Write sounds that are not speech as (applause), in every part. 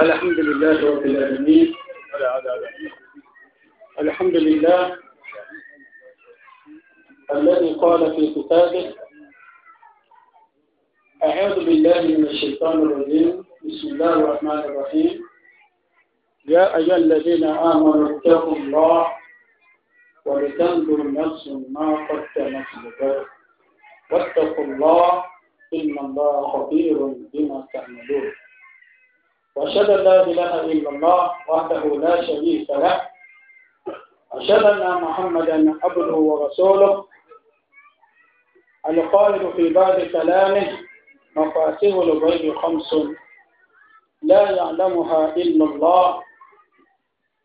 الحمد لله رب العالمين الحمد لله الذي قال في كتابه أعوذ بالله من الشيطان الرجيم بسم الله الرحمن الرحيم يا أيها الذين آمنوا اتقوا الله ولتنظر نفس ما قدمت لك واتقوا الله إن الله خبير بما تعملون وأشهد أن لا إله إلا الله وحده لا شريك له أشهد أن محمدا عبده ورسوله القائل في بعض كلامه مفاتيح الغيب خمس لا يعلمها إلا الله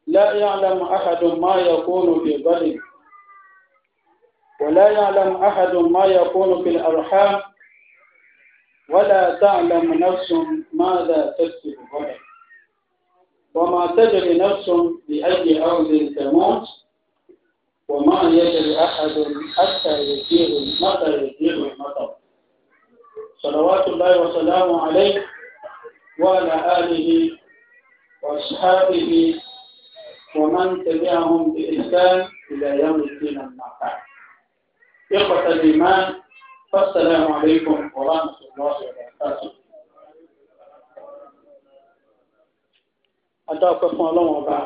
لا يعلم أحد ما يكون في غد ولا يعلم أحد ما يكون في الأرحام ولا تعلم نفس ماذا تكسب غدا وما تدري نفس بأي أرض تموت وما يدري أحد حتى يسير متى يسير المطر صلوات الله وسلامه عليه وعلى آله وأصحابه ومن تبعهم بإحسان إلى يوم الدين المعتاد إخوة الإيمان فالسلام عليكم ورحمة الله وبركاته adá ọpẹ́ fún Ọlọ́run ọba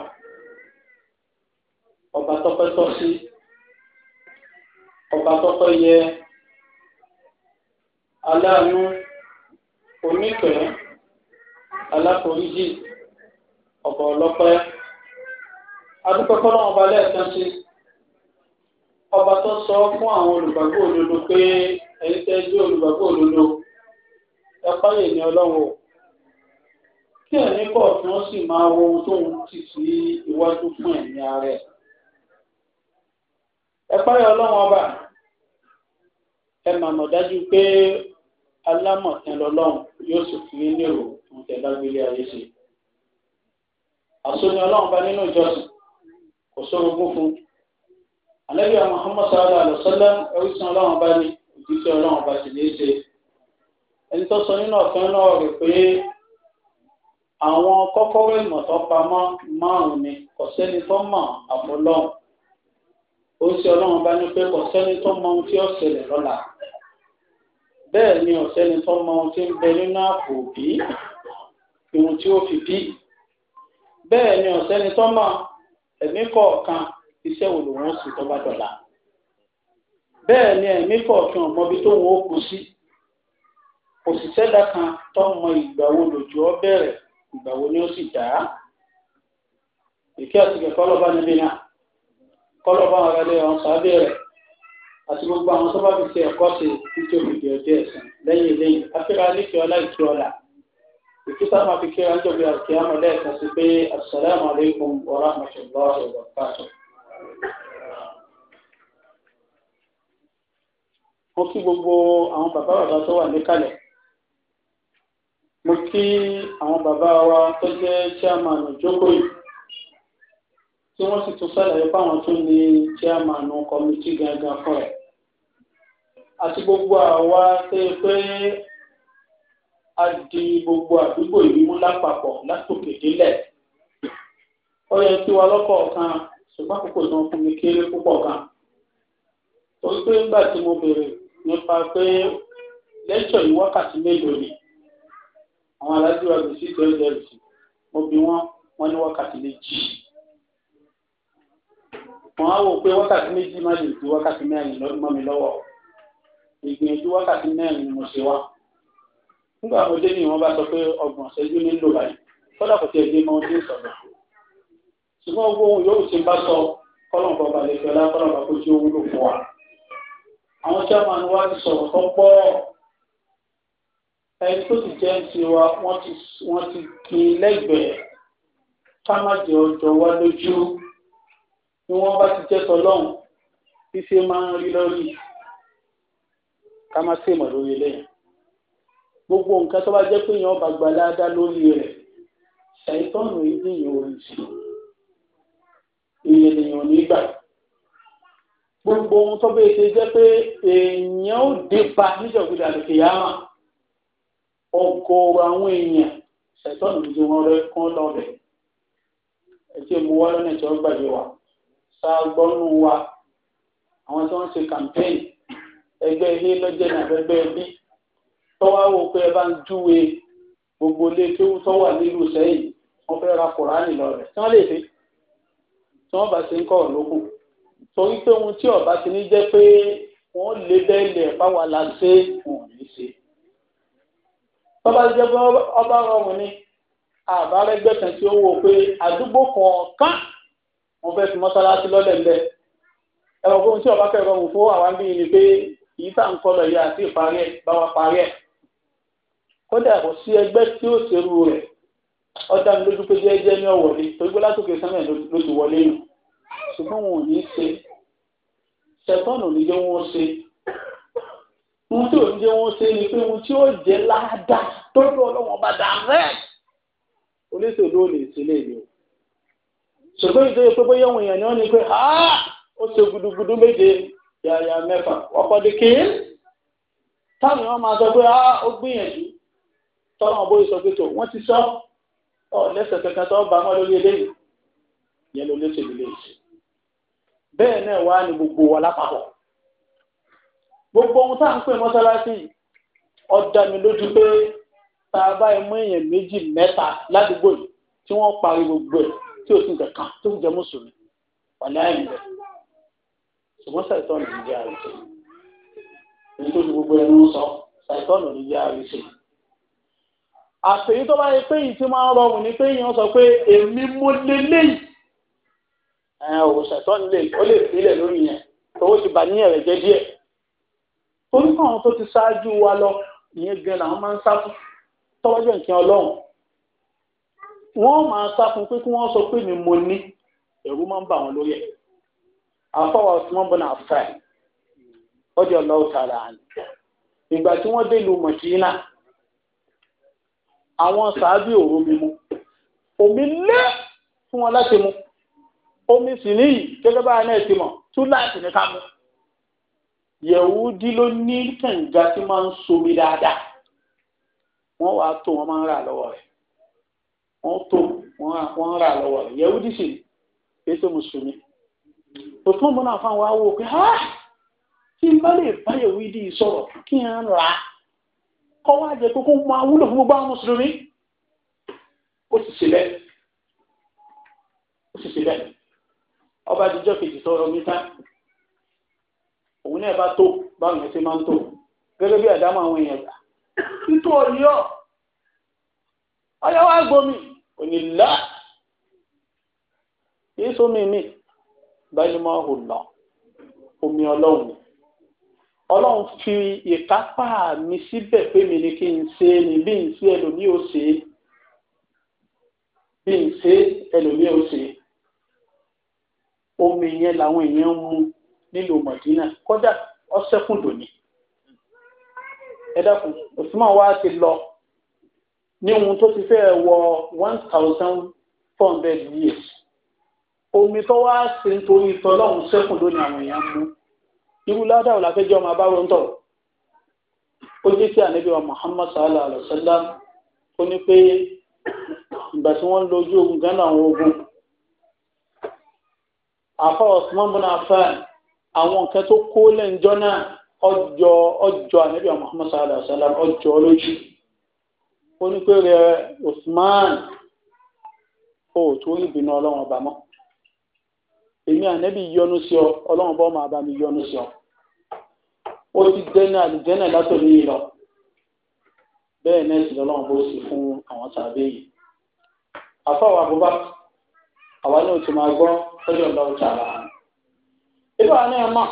ọba tọ́pẹ́ tọ́ sí ọba tọ́pẹ́ yẹ aláàánú onífẹ̀ẹ́ aláforíjì ọba ọlọ́pẹ́ adúpẹ́ fún Ọlọ́run ọba lẹ́ẹ̀kan sí i ọba tó sọ fún àwọn olùgbàgbọ́ òdodo pé ẹ̀yin tẹ́ jẹ́ olùgbàgbọ́ òdodo ẹ páyè ní ọlọ́run o kí ẹ̀mí kọ̀ọ̀kan sì máa wo ohun tóun ti sí iwájú fún ẹ̀mí ara ẹ̀ ẹ páyè ọlọ́run ọba ẹ màmọ dájú pé alámọ̀tán lọ́lọ́run yóò sì fún yín ní òòrùn tó ń tẹ lágbélé ayé ṣe àsọyìn ọlọ́run bá nínú ìjọsìn kò sórogún fún un anabi muhammad sallallahu alaihi wa sallam ẹ̀rí sàn ọlọ́run bá ní òjíṣẹ́ ọlọ́run bá sì ní í ṣe ẹni tó sọ nínú ọ̀fẹ́ náà rè pé àwọn kọ́kọ́rọ́ ìmọ̀ tó pamọ́ márùn-ún ni kò sẹ́ni tó mọ̀ àfọlọ́hùn ó sì ọlọ́run bá ní pé kò sẹ́ni tó mọ ohun tí ó ṣẹlẹ̀ lọ́la bẹ́ẹ̀ ni ọ̀sẹ́ni tó mọ ohun tí ń bẹ nínú àpò òbí ohun tí ó fi bí bẹ́ẹ̀ ni ọ̀sẹ́ni tó mọ ẹ̀mí kọ̀ọ̀kan iṣẹ́ wo lòun ó sì tó bá dọ̀la bẹ́ẹ̀ ni ẹ̀mí kọ̀ọ̀kan ọmọ ibi tó wọn ó kú sí òṣìṣẹ́ dákan tó mọ ìgbà wo lòjò ọ bẹ̀rẹ̀ ìgbà wo ni ó sì dá ìkẹ́ àti kẹ̀kọ́ lọ́ba níbí náà kọ́lọ́ba ara lé ọ̀hún sábẹ́ rẹ̀ àti gbogbo àwọn tó bá fi ṣe ẹ̀kọ́ ṣe títí òfìdí ọjọ́ ẹ̀sìn lẹ́yìn lẹ́yìn afẹ́ra níkẹ́ ọlá ìkẹ́ ọlá ìkísà máa fi kíra ń jọ̀bí àti àmọ̀lẹ́ ẹ̀kan sí pé assalamu alaikum wa rahmatullahi wa barakatuh mo kí gbogbo àwọn bàbá bàbá tó wà níkàlẹ̀ mo kí àwọn bàbá wa tó jẹ́ chairman ìjókòó yìí tí wọ́n sì tún ṣàlàyé fáwọn tó ní chairman kọ́mítì gangan fún ẹ̀ àti gbogbo àwa ṣe pé a di gbogbo àdúgbò yìí mú lápapọ̀ látòkè délẹ̀ ó yẹ kí wa lọ́kọ̀ọ̀kan ṣùgbọ́n àkókò tí wọ́n fún mi kéré púpọ̀ gan. torí pé nígbà tí mo béèrè nípa pé lẹ́tọ̀ yìí wákàtí mélòó ni àwọn alájú àgbè sí ìtẹ́lẹ̀dẹ́rẹ́sì mo bi wọ́n wọ́n ní wákàtí méjì. wọ́n á wò pé wákàtí méjì má lè ju wákàtí mẹ́rin mọ́ mi lọ́wọ́ ìgbìyànjú wákàtí mẹ́rin ni mo ṣe wá. nígbà mo dé ní ìwọ́n bá sọ pé ọgbọ̀n ṣẹ́jú nílò báyìí kódà kò tiẹ̀ dé mọ́ ohun tí ṣùgbọ́n gbogbo ohun yóò ṣe bá sọ kọ́lọ̀kọ̀ balẹ̀kẹ́ lápáraba kó tí ó wúlò fún wa. àwọn chairman wa ti sọ̀rọ̀ tó pọ̀ ẹni tó ti jẹ́ ti wa wọ́n ti kí lẹ́gbẹ̀ẹ́ ká má jẹ ọjọ́ wa lójú ni wọ́n bá ti jẹ́ tọ́lọ́hún bí ṣe máa ń rí lórí ká má sèmọ̀ lórí eléyìí gbogbo nǹkan tó bá jẹ́ pé èèyàn ọba gbalá lórí rẹ̀ ṣàìtọ́nù ìdíyìn orin sí i ni ènìyàn nígbà gbogbo ohun tó bẹ́ẹ̀ ṣe jẹ́ pé èèyàn ó dé ba níjọ̀gbìdà lòkè yàrá ọgọ́rọ̀ àwọn èèyàn ṣẹ̀tọ́ nìjú wọn rẹ kán lọ́bẹ̀ ẹ tí mo wá lọ́nà tí wọ́n gbàgbé wa ṣáàgbọ́nù wa àwọn tí wọ́n ṣe kàmpẹ́ìn ẹgbẹ́ ilé lọ́jẹ́ ní abẹ́gbẹ́ ẹbí tọ́wá wò pé ẹ bá ń júwe gbogbo ilé tó wà nílùú sẹ́yìn wọ́n fẹ́ ra kùránì lọ rẹ̀ tí wọ́n lè fi wọ́n bá ti ń kọ́ ọ̀lókù torí pé ohun tí ọba ti ní jẹ́ pé wọ́n lé bẹ́ẹ̀lì ẹ̀ báwa la ṣe wọn ò ní ṣe. bọ́bá jẹ́ pé ọba rọrùn ni àbárẹ́gbẹ́ kan tí ó wò pé àdúgbò kọ̀ọ̀kan wọ́n fẹ́ fi mọ́sálásí lọ́lẹ̀ ńlẹ̀ ẹ̀rọ fún tí ọba fẹ́ rọrùn fún àwa bíi ni pé yìí tá à ń kọ́ lọ yìí àti ìparí ẹ̀ báwa parí ẹ̀ kódà kò sí ẹgbẹ́ tí ó ṣerú rẹ̀ ọ̀dà mi lójú pé jẹ́jẹ́ ní ọ̀wọ́lé torí pé látòkè sánmẹ̀ ló ti wọlé nù ṣùgbọ́n wọn ò ní ṣe ṣẹ̀tọ́nù ní jẹ́ wọ́n ṣe ohun tí ò ní jẹ́ wọ́n ṣe ni pé ohun tí ó jẹ́ ládàá tọ́jú ọlọ́wọ́n bá dà rẹ̀ olóṣèlú ò lè ṣe lè lè o ṣùgbọ́n ìṣe pé bóyá òun èèyàn ni wọ́n ní pé ha ó ṣe gudugudu méje yàyà mẹ́fà ọkọ̀ di kí táwọn èèyàn máa sọ pé ha ó gbìyànjú tọ́lọ́wọ́n bóyá sọ pé ọ lẹ́sẹ̀ kankan tó bá wọn lórí eléyìí yẹn ló lẹ́sẹ̀ lórí èyí bẹ́ẹ̀ náà wá ní gbogbo wa lápapọ̀ gbogbo ohun tá à ń pè mọ́sálásí ó dá mi lójú pé tá a bá mú èèyàn méjì mẹ́ta ládùúgbò yìí tí wọ́n parí gbogbo ẹ̀ tí ò sí nǹkan kan tó ń jẹ mùsùlùmí wàlẹ́ àyìn rẹ̀ ṣùgbọ́n sàìtọ́nù ní jẹ́ àrùsẹ̀ nítorí gbogbo ẹnu sọ sàìtọ́nù ní jẹ́ àrùsẹ̀ àtẹ̀yí tó bá yẹ pé yìí ti máa ń rọrùn ni pé yìí wọ́n sọ pé èmi mo lé léyìí ẹ̀ òwòsàn tó ń lè ó lè sílẹ̀ lórí yẹn owó ti bà ní ẹ̀rẹ̀ jẹ́ díẹ̀ torí káwọn tó ti ṣáájú wa lọ ìyẹn gan làwọn máa ń sá fún tọ́wọ́jọ́ nǹkan ọlọ́run wọ́n máa sá fún pé kí wọ́n sọ pé ni mo ní ẹ̀rú máa ń bà wọ́n lórí ẹ̀ àfọwọ́ ọ̀sùnmọ́ bọ́nà àfẹ́ ọdí ọlọ́ọ̀tà rà ní ìgbà tí wọ́n dé ìlú mọ̀ṣínà àwọn sàábì òru mímu omi lé fún wọn láti mu omi sì níyì gẹ́gẹ́ bá a náà ti mọ̀ tún láti ní ká mu yẹ̀wúdí ló ní kànga tí máa ń somi dáadáa wọ́n wàá tó wọ́n máa ń rà lọ́wọ́ rẹ̀ wọ́n tó wọ́n rà lọ́wọ́ rẹ̀ yẹ̀wúdí sì ní mùsùlùmí òtún mọ́nà fáwọn wá pé kí n bá lè bá yẹ̀wúdí sọ̀rọ̀ kí n rà á kọ́ wá jẹ́ pé kó máa wúlò fún gbogbo àwọn mùsùlùmí ó sì ṣe bẹ́ẹ̀ ó sì ṣe bẹ́ẹ̀ ọba àdìjọ́ kejì sọ̀rọ̀ mi tán òun náà bá tó báwọn yẹn ṣe máa ń tó gẹ́gẹ́ bí àdámọ̀ àwọn èèyàn gbà títú ọ̀yọ́ ọ̀yọ́ wa gbomi òní là yéésù mímì báyìí máa hù lọ omi ọlọ́run ni ọlọ́run fi ìkápá mi síbẹ̀ pé mi ni kí n ṣe é ni bí n ṣe ẹlòmíì ò ṣe é bí n ṣe ẹlòmíì ò ṣe é omi yẹn làwọn èèyàn ń mu nílùú mọ̀dínà kódà ọ̀sẹ̀kùn dòní ẹ dákun Usman wa ti lọ ní ohun tó ti fẹ́ wọ one thousand four hundred years omi tó wá sí nítorí tọ́lọ́hún sẹ́kùn lónìí àwọn èèyàn mú irú ládàá òlàfẹ́jọ́ máa bá wọn tọ̀ ó jẹ́ sí ànábì Muhammad sallallahu alaihi wasallam ó ní pé ìgbà tí wọ́n ń lo ojú ogun gánà àwọn ogun àfa Osman bin Affan àwọn nǹkan tó kó lẹ́njọ́ náà ọjọ́ ọjọ́ ànábì Muhammad sallallahu alaihi wasallam ọjọ́ lójú ó ní pé rẹ Osman ó tó ìbínú ọlọ́run ọba mọ́ èmi ànábì yọ́nú sí ọ ọlọ́run bọ́ máa bá mi sí ọ ó ti dẹ́nà àlùjẹ́nà látòlú yìí lọ bẹ́ẹ̀ náà sì lọ́lọ́run bó sì fún àwọn tàbí yìí àfọwọ́ àbúbá àwa náà ti máa gbọ́ lọ́jọ́ lọ́wọ́ tààrà ibà náà mọ̀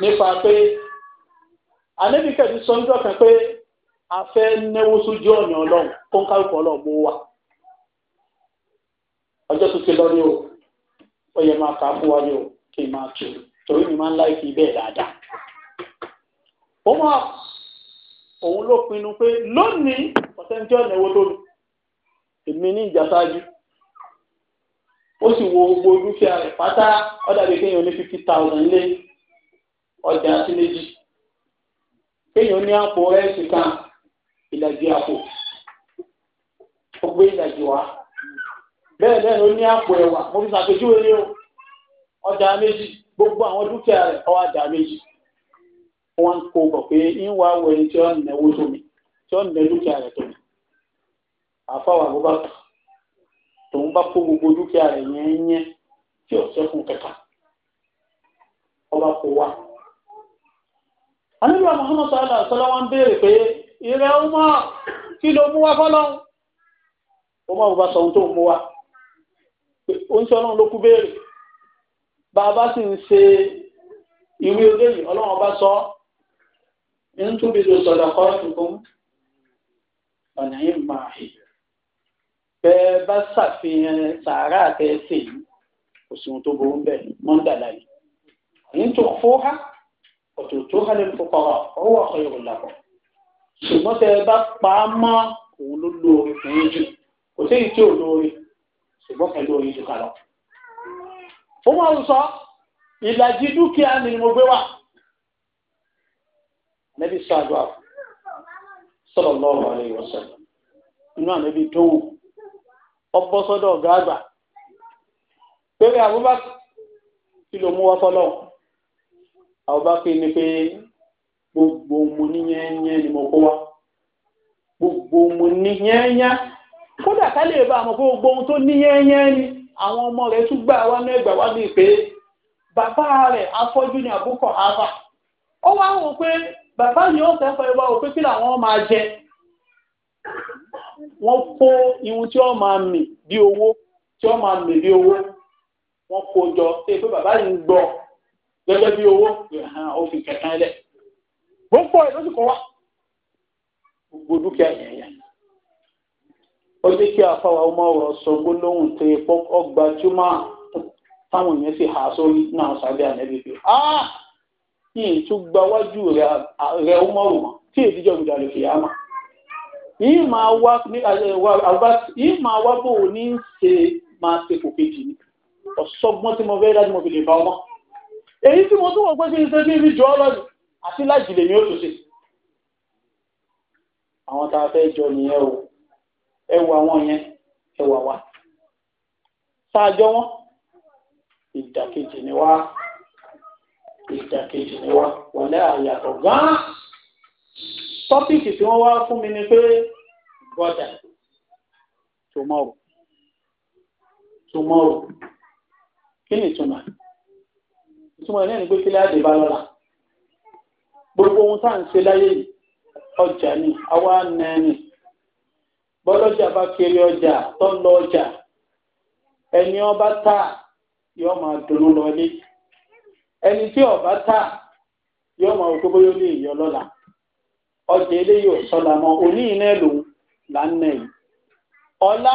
nípa pé anẹ́bíkẹ́dù sọ́njọ́ kan pé a fẹ́ náwó sójú ọ̀nà ọlọ́run kó ń kárùkọ́ ọlọ́run bó wà ọjọ́ tó ti lọ ní o ó yẹ máa kà á fún wa ní o kí n máa tù torí mi máa ń láìkì bẹ́ẹ̀ dáadáa. Omar òun ló pinnu pé lónìí ọ̀sẹ̀ntì ọ̀nà owó lónìí èmi ní ìjà ṣáájú ó sì wo gbogbo dúkìá rẹ̀ pátá ọ̀dàbí kéèyàn ní fifty thousand lé ọjà sí méjì kéèyàn ní àpò rẹ́ẹ̀sì kan ìdajì àpò ó gbé ìdajì wá bẹ́ẹ̀ bẹ́ẹ̀ ló ní àpò ẹ̀wà mo fi ṣàpèjúwe ní o ọjà méjì gbogbo àwọn dúkìá rẹ̀ ó wá méjì wọ́n ń kó bọ̀ pé ń wá wọ ẹni tí ó ń náwó tó mi tí ó ń ná dúkìá rẹ̀ tó mi àfáwà bó bá tòun bá kó gbogbo dúkìá rẹ̀ yẹn yẹn tí ò sẹ́kùn kẹta ọba kó wa. àníbi àwọn ọmọ sọ́lá sọ́lá wọn béèrè pé ìrẹ́ ọmọ kí ló mú wa fọ́lọ́hún ọmọ bàbá sọ ohun tó mú wa oúnjẹ ọlọ́run ló kú béèrè bàbá sì ń ṣe ìwé eléyìí ọlọ́run ọba sọ ń túbi lò sọ̀dọ̀ kọ́ tuntun ọ̀nà yìí máa hì bẹ́ẹ̀ bá ṣàfihàn sàárà àtẹ̀sẹ̀ yìí kò sí ohun tó burú bẹ́ẹ̀ mọ́ńdàlá yìí ní tó fún ha ọ̀tọ̀ tó ha lè fọkọ̀ ọwọ́ ọ̀kọ̀ yòó làbọ̀ ṣùgbọ́n tẹ́ ẹ bá pa á mọ́ òun ló lóore fún yín jù kò sí èyí tí ò lóore ṣùgbọ́n pẹ̀lú oyin jù kà lọ. ó máa ń sọ ìlàjì dúkìá ni mo gbé wà nẹ́bí ṣáájú àpò sọ̀rọ̀ lọ́wọ́ rẹ̀ ìwọ̀sẹ̀ inú ànẹ́bí dóhùn ọbọ̀ sọ́dọ̀ ọ̀gá àgbà pẹ̀lú Abubakar kí ló mú wá fọlọ́ Abubakar ni pé gbogbo mo ní yẹ́nyẹ́ ni mo kó wá gbogbo mo ní yẹ́nyẹ́ kódà ká lè bá àmọ́ gbogbo ohun tó ní yẹ́nyẹ́ ni àwọn ọmọ rẹ̀ tún gbà wá mẹ́gbà wá bíi pé bàbá rẹ̀ afọ́jú ni àbúkọ̀ àbà ó wá wò pé bàbá mi ó sẹ́fọ̀ ẹwà òfin fílà làwọn máa jẹ wọ́n kó irun tí ó máa mì bí owó tí ó máa mì bí owó wọ́n kó jọ ṣe pé bàbá yìí ń gbọ́ bí owó òfin kẹta gbogbo ẹ̀ kan wá gbogbo dúkìá yẹn yẹn ó kí afáwa ọmọ ọ̀rọ̀ sọ gbólóhùn tó yẹ pọ́ ọgbà túmọ̀ táwọn èèyàn sì há sórí náà sábẹ́ kí n tún gba wájú rẹ ó mọ̀rùn mọ́ tí èdè jọ ìdá lè fìyà mà yìí máa wá bò ó ní ṣe máa ṣe kò kejì ni ọ̀sọ́gbọ́n tí mo fẹ́ dájú mo fi lè bá ọmọ èyí tí mo tún wọ́n pé kí n ṣe bí ibi jọ lọ́dún àti láti lè ní òtúnṣe àwọn tá a fẹ́ jọ nìyẹn o ẹ wà wọ́n yẹn ẹ wà wá sáájọ́ wọn ìdàkejì ni wá. ìdàkejì ni wa wọlé àyàtọ̀ gan-an tọ́pìkì tí wọn wá fún mi ni pé brother tomorrow tomorrow kí ni ìtumọ̀ ìtumọ̀ ẹ̀ náà ni pé kílẹ̀ bá lọ́la ohun tá ń ṣe láyé ọjà ni àwa nẹ́ẹ̀ni bọ́lọ́jà bá kiri ọjà tó ọba tá yóò máa lọ ẹni tí ọba tà yóò mọ òkú bóyá ó ní ìyọ lọ́la ọjà eléyìí ò sọ́la mọ́ òní iná ẹ̀ lòun là ń nà yìí ọlá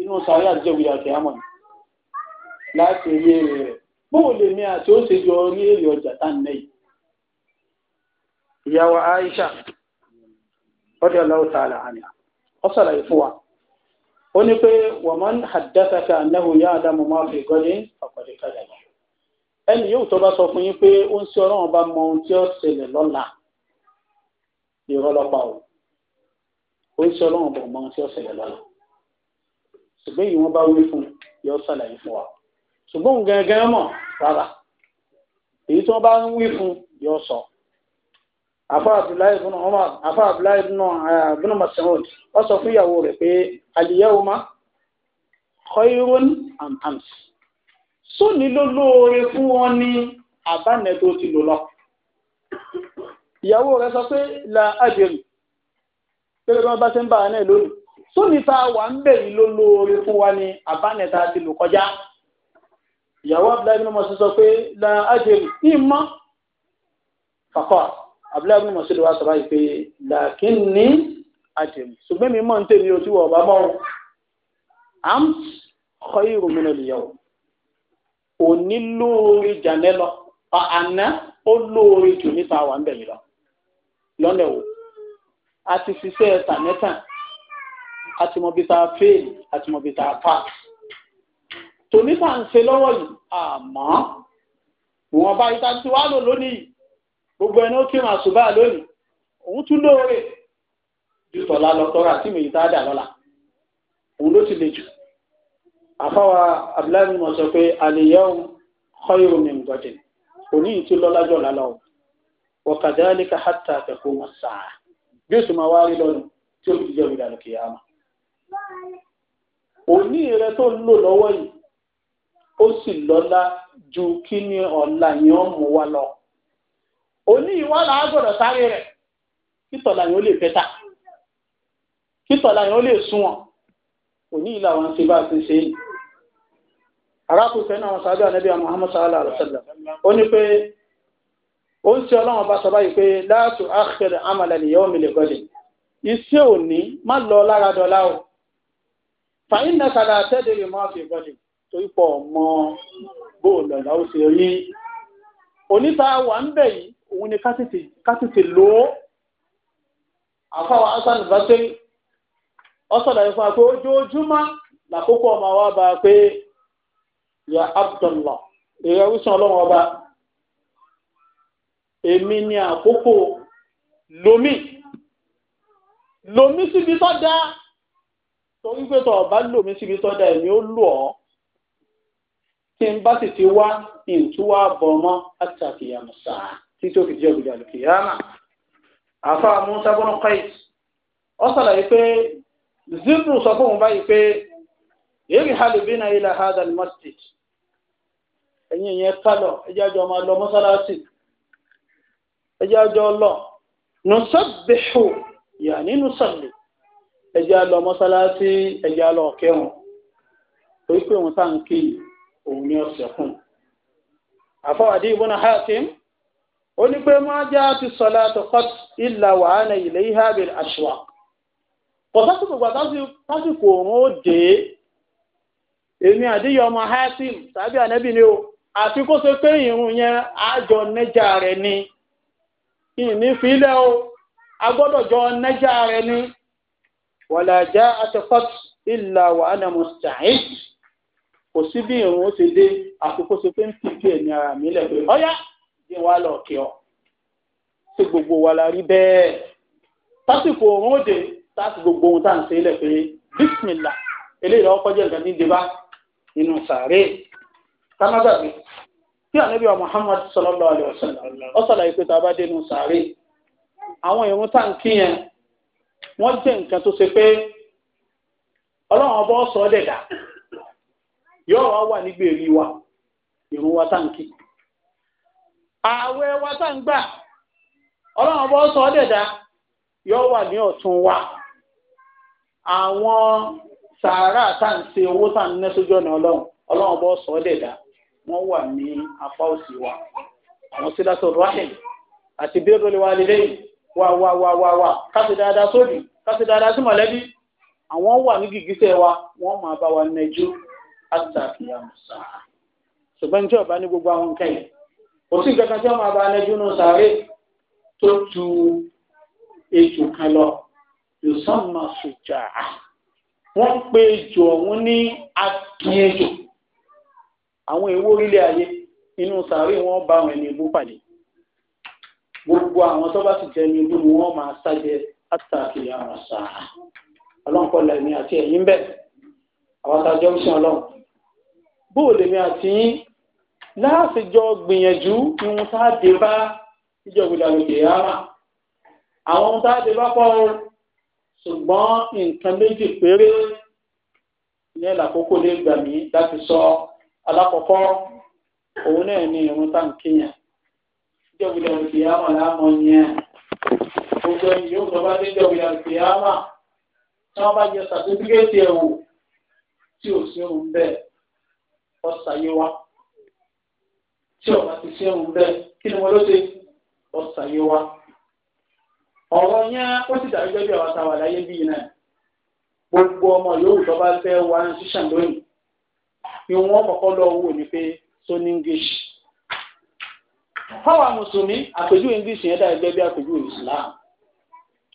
inú sàárẹ̀ àti ìjọba ìyàtọ̀ yà mọ̀ ní láti rí èrè rẹ̀ bóun lè ní àti ó ṣe jọ rí èrè ọjà tá ń nà yìí. ìyàwó Aisha ọdẹ ọlọ́wọ́ tààlà àná ọ sàlàyé fún wa ó ní pé wàmán haddataka annahu ya'lamu ma fi gọ́lé ọ̀pọ̀lẹ́kọ̀lẹ́ ẹni yóò tó bá sọ fún yín pé ó ń ṣe ọlọ́run bá mọ ohun tí ó ṣẹlẹ̀ lọ́la irọ́ lọ́pàá o ó ń ṣe ọlọ́run bọ̀ mọ ohun tí ó ṣẹlẹ̀ lọ́la ṣùgbọ́n èyí wọ́n bá wí fún yóò ṣàlàyé fún wa ṣùgbọ́n gẹ́gẹ́ mọ̀ rárá èyí tí wọ́n bá ń wí fún yóò sọ afa abdullahi bin umar afa abdullahi bin eh, mas'ud ó sọ fún ìyàwó rẹ̀ pé al khayrun am amsi sóni ló lóore fún wọn ní àbánẹ tó ti lò lọ. ìyàwó rẹ̀ sọ pé la àjèrè pẹ̀lú bí wọ́n bá ṣe ń bá àánẹ lónìí sóni tá a wà ń bẹ̀ yìí ló lóore fún wa ní àbánẹ tá a ti lò kọjá. ìyàwó abdullahi bin mọ̀sí sọ pé la àjèrè ní mọ́ kọ̀kọ́ abdullahi bin mọ̀sí ló wá sọ báyìí pé làkínní àjèrè ṣùgbọ́n mi mọ̀ ń tèmi o tí wọ́n bá mọ́ àmì kọ́ ìròmìnà ìyàwó òní lóore jàǹdẹ lọ àná ó lóore jù níta wà ń bẹ̀rẹ̀ lọ lọ́nà o a ti ṣiṣẹ́ tànẹ́tàn a ti mọ bí tá a fèèlì a ti mọ bí tá a pa tòní tá à ń ṣe lọ́wọ́ yìí àmọ́ ìwọ̀nba ìta ti wá lò lónìí gbogbo ẹni ó kírun àṣùbà lónìí òun tún lóore ju tọ̀la lọ tọ́ra tí mi yìí dà lọ́la òun ló ti le jù àfáwà abdullahi mọ̀ sọ pé al-yawm khayru min gadin òní ìtú lọ́lájọ́ lálọ́ wa kadhalika hatta taquma as-sa'a bí oṣù máa wá rí lọ́nu tí ó fi jẹ́ òbí dànù kìyàmà òní rẹ tó ń lò lọ́wọ́ yìí ó sì lọ́lá ju kí ọ̀la yẹn ó mú wa lọ òní ìwà làá gbọ́dọ̀ sáré rẹ̀ kítọ̀lá yẹn ó lè bẹ́tà kítọ̀lá yẹn ó lè sunwọ̀n òní ìlà wọn ṣe bá ti ṣe yìí arákùnrin sẹ́yìn àwọn sábẹ́ ànábì Muhammad sallallahu alaihi wasallam ó ní pé ó ń ṣe ọlọ́run bá sọ báyìí pé la tu'akhkhir amala li yawmi li ghadin iṣẹ́ òní má lọ lára dọ́là o fa innaka la tadri ma fi ghadin torí pọ̀ mọ́ bóòlù ọ̀la ó ṣe rí oníta wà ń bẹ̀ yìí òun ni ká lò ó àfáwọn hasan basiri ọ̀sọ̀dà ya abdullah èyí awúsàn ọlọ́run ọba èmi ni àkókò lomi lomi síbi sọ́dá torí pé tó ọba lomi síbi sọ́dá èmi ó lò ọ́ tí n bá sì ti wá ìtúwà bọ̀ mọ́ àtàkìyàmù sáà tí tó fi jẹ́ òbí àlùkìyàmà àfa musa bọ́nà kọ́ìs ọ sàlàyé pé zibru sọ fún òun báyìí pé èrè halibina ila hadal masjid ẹ̀yin ìyẹn kálọ̀ ẹjẹ́ àjọ máa lọ mọ́sálásì ẹjẹ́ àjọ lọ nùsàbẹ̀hù yà nínú sàlẹ̀ ẹjẹ́ àlọ́ mọ́sálásì ẹjẹ́ àlọ́ kẹrùn torí pé òun táà ń kí òun ní ọ̀sẹ̀ fún àfọwàdí ibn Hatim ó ní pé má já ti sọlá tó kọ́t ìlà wàhánà ilẹ̀ ihabil ashwa kò sásìkò gbà sásìkò òun ó dé èmi àdéyọ ọmọ Hatim tàbí ànábì ni o àti kó ṣe pé ìrun yẹn àjọ nẹ́jà rẹ̀ ni ìní fílẹ̀ o a gbọ́dọ̀ jọ nẹ́jà rẹ̀ ni wàlàjá àtẹ̀kọ́t ìlà wàhánà mùsàáì kò sí bí ìrun ó ṣe dé àti kó ṣe pé ń pìpì ẹ̀mí ara mi lẹ̀ pé ọ̀yá jẹ́ wàá lọ kí ọ ṣe gbogbo wa la rí bẹ́ẹ̀ tásìkò òun ó dé tásìkò gbogbo ohun tá à ń ṣe lẹ̀ pé bísímìlà eléyìí lọ́wọ́ kọjá nǹkan ní débá nínú sàárè kánágbàgbé tí ànábì Muhammad sallallahu alaihi wasallam ọ sàlàyé pé tá a bá dénú sàárè àwọn ìrun tá à ń kí wọ́n nǹkan tó ṣe pé ọba ọ̀sán ọ̀dẹ̀dà yóò wá wà nígbèrí wa ìrun wa tá à kí ààwẹ̀ wa tá gbà ọba yóò wà ní wa àwọn sàárà tá ṣe owó tá wọ́n wà ní apá òsì wa àwọn sílátò rahim àti bírò lè wà lílé wà wà wà wà wà káṣí dáadáa sódì káṣí dáadáa sí mọ̀lẹ́bí àwọn wà ní gìgísẹ̀ wa wọ́n máa bá wa nẹjú àtàkìyà mùsà ṣùgbọ́n ní tí ọba ní gbogbo àwọn nǹkan yìí kò sí ìkankan tí wọ́n máa bá nẹjú nù sàárè tó tu ètò kan lọ yòsàn máa sùjà wọ́n pe ètò ọ̀hún ní akínyẹ̀jò àwọn èèwọ̀ orílẹ̀ ayé inú sàárè wọn bá àwọn ẹni ibú pàdé gbogbo àwọn tó bá sì jẹ́ ní ibú ni wọ́n máa sájẹ àtàkìlẹ̀ àwọn sàá ọlọ́nkọlẹ̀ èmi àti ẹ̀yin bẹ́ẹ̀ àwọn àtàjọ ń sìn ọlọ́run bóòlù èmi àti yín láàfijọ́ gbìyànjú ohun tá a dé bá ìjọba ìdàlókè yàrá àwọn tá a dé bá pọ̀ ṣùgbọ́n nǹkan méjì péré ní ẹ̀là àkókò lè gbà mí láti sọ ọ́ alákọ̀ọ́kọ́ òun náà ni ìrún tá à ń kéèyàn jọ̀gbìlà òkèèyàmà láàmọ́ yẹn gbogbo ẹni yóò lọ bá dé jọ̀gbìlà òkèèyàmà tí wọ́n bá jẹ sàtífíkẹ́tì ẹ̀wò tí ò sí òun bẹ́ẹ̀ ọ̀sàyé wa tí ọ̀bá ti sí òun bẹ́ẹ̀ kí ni mo ló ṣe ọ̀sàyé wa ọ̀rọ̀ yẹn ó sì dàbí jọ́jú àwọn àtàwà láyé náà gbogbo ọmọ yòówù tó bá fẹ́ wá ń ṣiṣàn lónìí ìwọ̀n wọn kọ́kọ́ lọ wò ní pé so ní english fáwọn mùsùlùmí àpèjú english yẹn dá ẹgbẹ́ bí àpèjú islam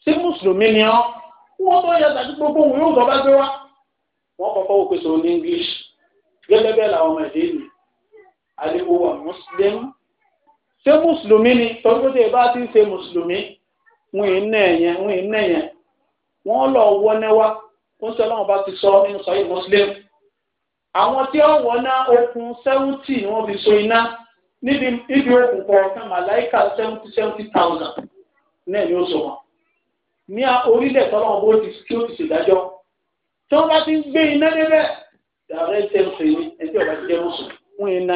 ṣé mùsùlùmí ni ọ́ wọ́n tó yẹ tàbí gbogbo òun yóò gbọ́ bá gbé wá wọ́n kọ́kọ́ wò pé so ní english gẹ́gẹ́ bẹ́ẹ̀ làwọn ọmọ ẹ̀dẹ́ nì àdìgbò wà mùsùlùmí ṣé mùsùlùmí ni tọ́jú tó bá ti ń ṣe mùsùlùmí wọn ì ná ẹ̀yẹn wọn ì ná ẹ̀yẹn wọ́n lọ wọ́nẹ́wá ó ń sọ ọlọ́run bá ti sọ nínú sọ́yìn mùsùlùmí àwọn tí ó wọ́n ná okùn seventy ni wọ́n fi so iná níbi ibi okùn kọ̀ọ̀kan màláìka seventy seventy thousand náà ni ó so wọn ní orílẹ̀ tọ́lọ́wọ́n bó ti kí ó ti ṣèdájọ́ tí wọ́n bá ti ń gbé iná débẹ̀ dàrẹ́ ìtẹ̀sẹ̀ ni ẹjọ́ ọba ti jẹ́ oṣù fún iná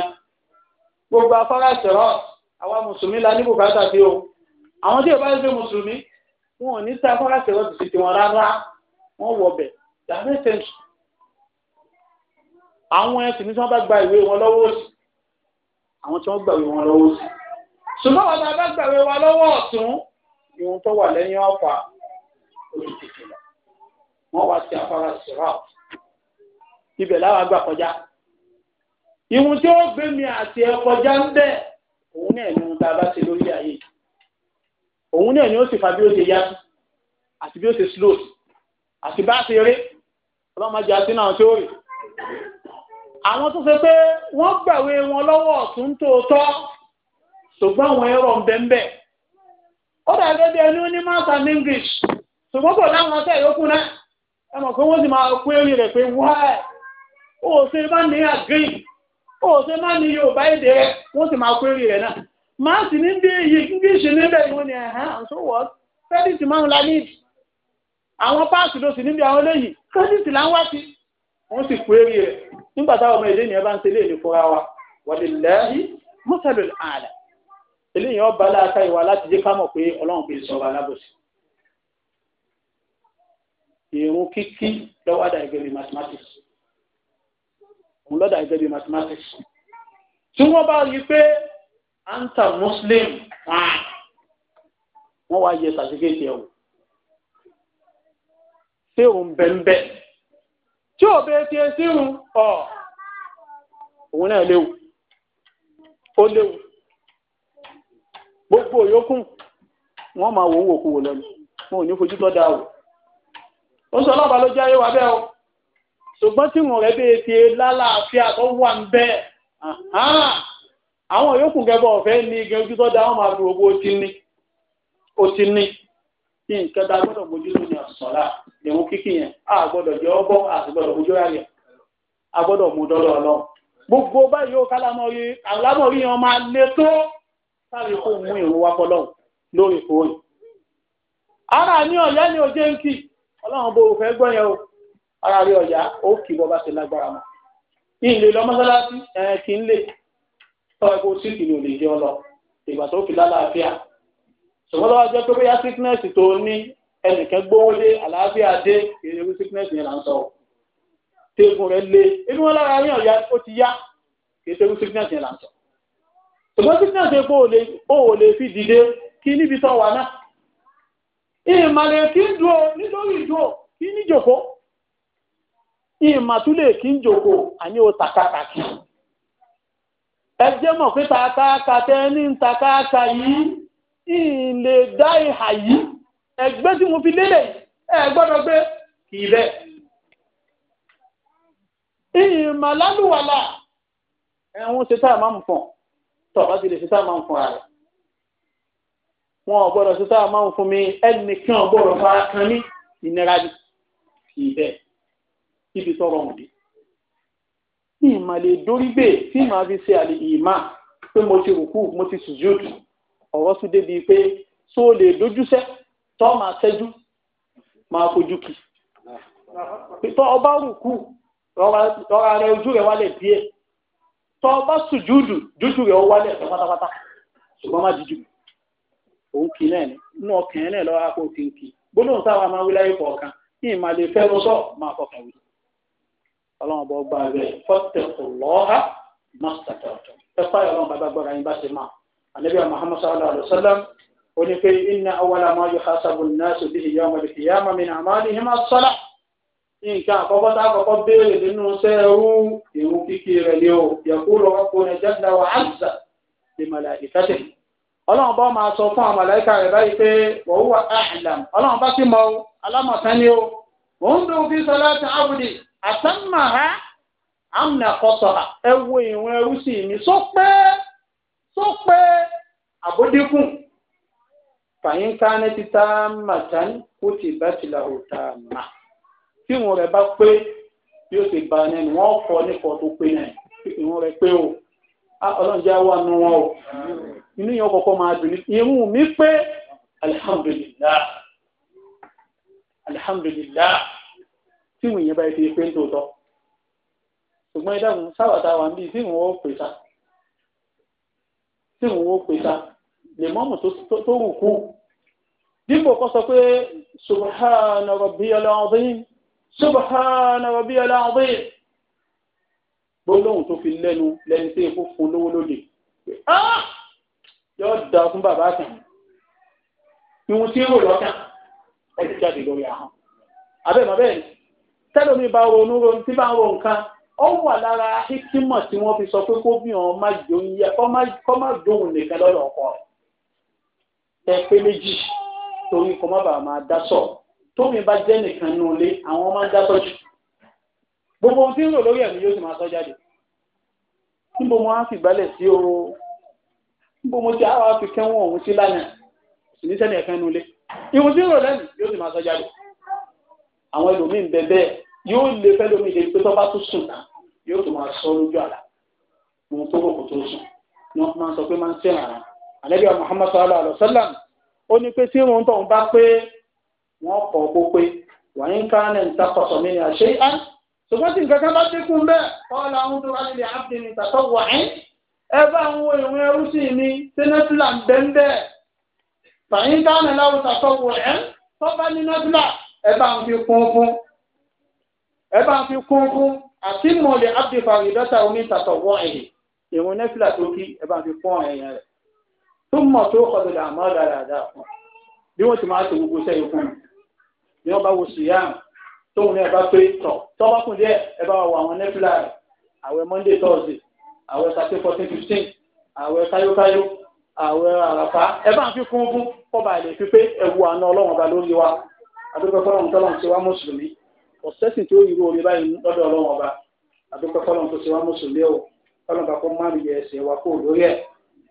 gbogbo afárá ìṣẹ̀rọ̀ àwa mùsùlùmí la ní bùkátà bí o àwọn tí ìbá ṣe mùsùlùmí wọn ò ní sí afárá ìṣẹ̀rọ̀ ti ṣe tiwọn rárá wọn wọ bẹ̀ dàrẹ́ ìtẹ̀sẹ̀ àwọn ẹ̀sìn ní tí wọ́n bá gba ìwé wọn lọ́wọ́ òsì àwọn tí wọ́n gba ìwé wọn lọ́wọ́ òsì ṣùgbọ́n wọn bá gba ìwé wọn lọ́wọ́ ọ̀tún ìwọ̀n tó wà lẹ́yìn ọ̀fà olùdíje lọ wọ́n wá sí afárá siraf ibẹ̀ láwọn àgbà kọjá ìwọ̀n tí ó gbé mi àti ẹ kọjá ń bẹ̀ òun náà ni ohun tá a bá ṣe lórí ayé òun náà ni ó sì fa bí ó ṣe yá àti bí ó ṣe slow àti bá ṣe eré ọlọ́mọdé àti náà ṣe ó rè àwọn tó ṣe pé wọ́n gbàwé wọn lọ́wọ́ ọ̀tún tòótọ́ ṣùgbọ́n àwọn ẹ̀rọ bẹ́ẹ̀ ó dàgbé bí ẹni ní mass and english ṣùgbọ́n kò yòókù náà ẹ mọ̀ pé wọ́n sì máa pé orí rẹ̀ pé ó ṣe má ní ó ṣe má ní yorùbá èdè rẹ̀ wọ́n sì máa pé orí rẹ̀ náà ní bí iye english níbẹ̀ ẹ̀hán wọ́n sì péré rẹ̀ nígbà táwọn ọmọ ìdẹ́nìyàn bá ń ṣe léèlè fúnra wa wàlélẹ́yìn mọ́tàlù àlà eléyìí ọba aláta ìwà láti jẹ́ ká mọ̀ pé ọlọ́run fi sọ̀rọ̀ alábòsí. ìrun kíkí lọ́wọ́ dà gẹ́gẹ́ mathematics òun lọ́dà gẹ́gẹ́ bí mathematics. tí wọ́n bá rí pé anta muslim wọ́n wá yẹ sàtífíkẹ́tì ẹ̀ wò. ṣé òun bẹ́ẹ̀ bẹ́ẹ̀. tí ò bẹ́ẹ̀ tiẹ̀ sírun ọ òun náà léwu ó léwu gbogbo yòókù wọn máa wò ó wò kú wò wọn ò ní fojú tọ́ da o ó sọ ọlọ́ba ló jẹ́ ayé wa bẹ́ẹ̀ o ṣùgbọ́n tí wọn rẹ̀ bẹ́ẹ̀ lálàáfíà tó wà ń bẹ́ẹ̀ àwọn yòókù ọ̀fẹ́ ní igi ojú tọ́ da wọn máa fi owó ti ní ti ní kí nǹkan gbọ́dọ̀ ìrún kíkì yẹn a gbọ́dọ̀ jẹ́ ọgbọ́ àti gbọ́dọ̀ ojú ayẹ a gbọ́dọ̀ mú dọ́lọ́ ọlọ́run gbogbo báyìí ó kálámọ̀rí àlámọ̀rí yẹn máa lé tó sáré kó mú ìrún wá fọlọ́run lórí fòun ara ní ọ̀yá ni òjé ń kì ọlọ́run bó fẹ́ gbọ́ yẹn o ara rí ọ̀yá ó kì bọ́ bá ṣe lágbára mọ́ ilé lọ mọ́sálásí ẹ̀ kì í lè tọ́ ẹ̀kọ́ sí kì lè jẹ́ ọ lọ ìgbà tó fi lálàáfíà ṣùgbọ́n lọ́wọ́ jẹ́ pé bóyá sickness tó ní ẹnìkan gbówó lé àlàáfíà dé èrè wí sickness yẹn là ń sọ ọ tegun rẹ lé inú wọn lára yín ọ̀yà ó ti yá èrè wí sickness yẹn là ń sọ ṣùgbọ́n sickness yẹn kó o lè fi dìde kí níbi tó wà náà ìmàlè kí ń dúró nítorí ìdúró kí ní jòkó ìmàtúlẹ̀ kí ń jòkó àní o tàkàtàkì ẹ jẹ́ mọ̀ pé tàkàtà tẹ́ ní tàkàtà yìí ìlè dá ìhà yìí ẹgbẹ́ tí mo fi lélẹ̀ ẹ gbọ́dọ̀ gbé kì í bẹ́ẹ̀. ìyìnmọ̀ lálùwàlà ẹ̀hún ṣe tá a máa ń fọ̀n tó ọ̀bá ti lè ṣe tá a máa ń fọ̀n rẹ̀. wọn ò gbọ́dọ̀ ṣe tá a máa ń fún mi ẹnìkan ò gbọ́dọ̀ fara kan ní ìnira ni kì í bẹ́ẹ̀ ibi tọrọ òun dé. ìyìnmọ̀ lè dórí bẹ́ẹ̀ tí màá fi ṣe àlè ìyìnmọ̀ pé mo ti rùkú mo ti sùjúdù ọ̀rọ̀ tún débi pé tó lè dojúṣẹ́ tọ́ máa ṣẹ́jú máa fojú kì tọ́ ọba rùkú rọra rẹ ojú rẹ wálẹ̀ díẹ̀ tọ́ ọba sùjúdù jújù rẹ wálẹ̀ pátápátá ṣùgbọ́n má jíjù òun kì náà ni inú ọkàn ẹ̀ náà lọ́wọ́ kó ti ń kì gbólóhùn táwa máa wí láyé kọ̀ọ̀kan ní ìmàlẹ̀ fẹ́ lọ́sọ̀ máa fọkàn wí ọlọ́run bọ́ gba rẹ̀ fọ́tẹ̀kù lọ́ha mọ́sítàtà ọ̀tọ̀ ẹ Muhammad sallallahu alayhi wa onípe iná awọ́lá máa yọ hasabu náà sóbí ìyá ọmọdé ìyá mami ní àmàlí ìhìn máa sọ́lá nǹkan àkọ́kọ́ tá a kọ́kọ́ béèrè nínú sẹ́ẹ̀rú ìrù kíkì rẹ̀ ni ó yẹ̀kú lọ́wọ́ kó ní jẹ́dá wa àzà ní màláìkàtẹ̀. bá máa sọ fún àwọn màláìkà báyìí pé wọ́n wà áhìlám ọlọ́run bá sì mọ o alámọ̀tán ni o òun dùn fi sọlá ti ábùdì àtàmà ha àmìnà kọsọ̀ ẹ wo ẹrú sí mi sọ pé sọ pé àbódíkùn fàyín káná ti tá a mà tán kó ti bá ti là ó tá a mà tí ìwọ̀n rẹ̀ bá pé bí ó ti bá a nẹnu wọ́n kọ́ nípa tó pé náà ìwọ̀n rẹ̀ pé o ọlọ́run jẹ́ àwọn àánú wọn o inú yẹn kọ́kọ́ máa dùn ní irun mi pé alihamdulilah alihamdulilah tí ìwọ̀n yẹn bá ti pé ń ṣùgbọ́n ẹ dákun sábàtà wà ń tí ìwọ̀n ó pè sá tí ìwọ̀n ó pè sá lè tó rù dípò kó sọ pé subhana rabbiyal azim subhana rabbiyal azim gbólóhùn tó fi lẹ́nu lẹ́ni tí epo fún lówó lóde ah! yóò da fún bàbá kan ìwọ̀n tí èrò lọ́kàn ẹ̀ ti jáde lórí ahọ́n abẹ́mọ̀ bẹ́ẹ̀ tẹ́lómi bá ronú ronú tí bá ń ro nǹkan ó wà lára hikimọ̀ tí wọ́n fi sọ pé kó bí wọn má jòun yẹ kó má jòun nìkan lọ́dọ̀ ọkọ rẹ̀ tẹ́ pé méjì torí kọ́ má bàa máa dásọ̀ tómi bá jẹ́ nìkan nù lé àwọn máa ń dásọ̀ jù gbogbo ohun tí ń rò lórí ẹ̀mí yóò sì máa sọ jáde níbo mo á fi gbálẹ̀ sí o níbo mo ti àwọn afi kẹ́wọ̀n òun sí lánàá sì ní sẹ́ni ẹ̀kan nù lé ìhun tí ń rò lẹ́nu yóò sì máa sọ jáde àwọn ẹlòmíì ń bẹ bẹ́ẹ̀ yóò lè fẹ́ lómi ìdè pé tó bá tún sùn yóò tún máa sọ lójú àlá ohun tó kò tó sùn ni wọ́n máa ń sọ pé máa ń sẹ́ràn àlẹ́ bí i Muhammad sallallahu alaihi wa sallam ó ní pé tí irun tó ń bá pé wọ́n kọ̀ ọ́ kó pé wà ní kánẹ̀ ń takọ̀tọ̀ mi ní àṣẹ á ṣùgbọ́n tí nǹkan kan bá dínkù bẹ́ẹ̀ kọ́ọ̀lá ń tó wáyé lè ábìdì ní tàtọ́ wà ẹ́ ẹ bá ń wo ìwé ẹrú sí mi sẹ́nẹ́tìlà ń bẹ́ ń bẹ́ẹ̀ fàyín kánẹ̀ láwùjọ tàtọ́ wà ẹ́ tó bá ní nọ́tìlà ẹ bá ń fi kún fún ẹ bá ń fi kún fún àti mọ̀lẹ́ ábìdì fàrídọ́tà omi tàtọ̀ wọ́ tó mọ̀ tó kọ̀dọ̀ lè àmọ́ dáadáa fún bí wọ́n ti máa tó gbogbo sẹ́yìn fún mi bí wọ́n bá wo ṣìyá tóun ní ẹ̀bá pé tọ̀ tọ́bákùn díẹ̀ ẹ bá wọ àwọn nẹ́fìlà àwẹ̀ monday thursday àwẹ̀ thirteen fourteen fifteen àwẹ̀ káyókáyó àwẹ̀ àràfá ẹ bá ń fi kún fún kọ́ba ilẹ̀ pípé ẹ̀wù àna ọlọ́run ọba lórí wa àdúgbò fọlọ́run tọ́lọ́run ti wá mùsùlùmí ọ̀sẹ́sìn tó yìí omi báyìí lọ́dọ̀ ọlọ́run ọba àdúgbò fọlọ́run tó ti wá mùsùlùmí ọ̀ fọlọ́run bá kọ́ máàmì yẹ ẹsẹ̀ wa kó lórí ẹ̀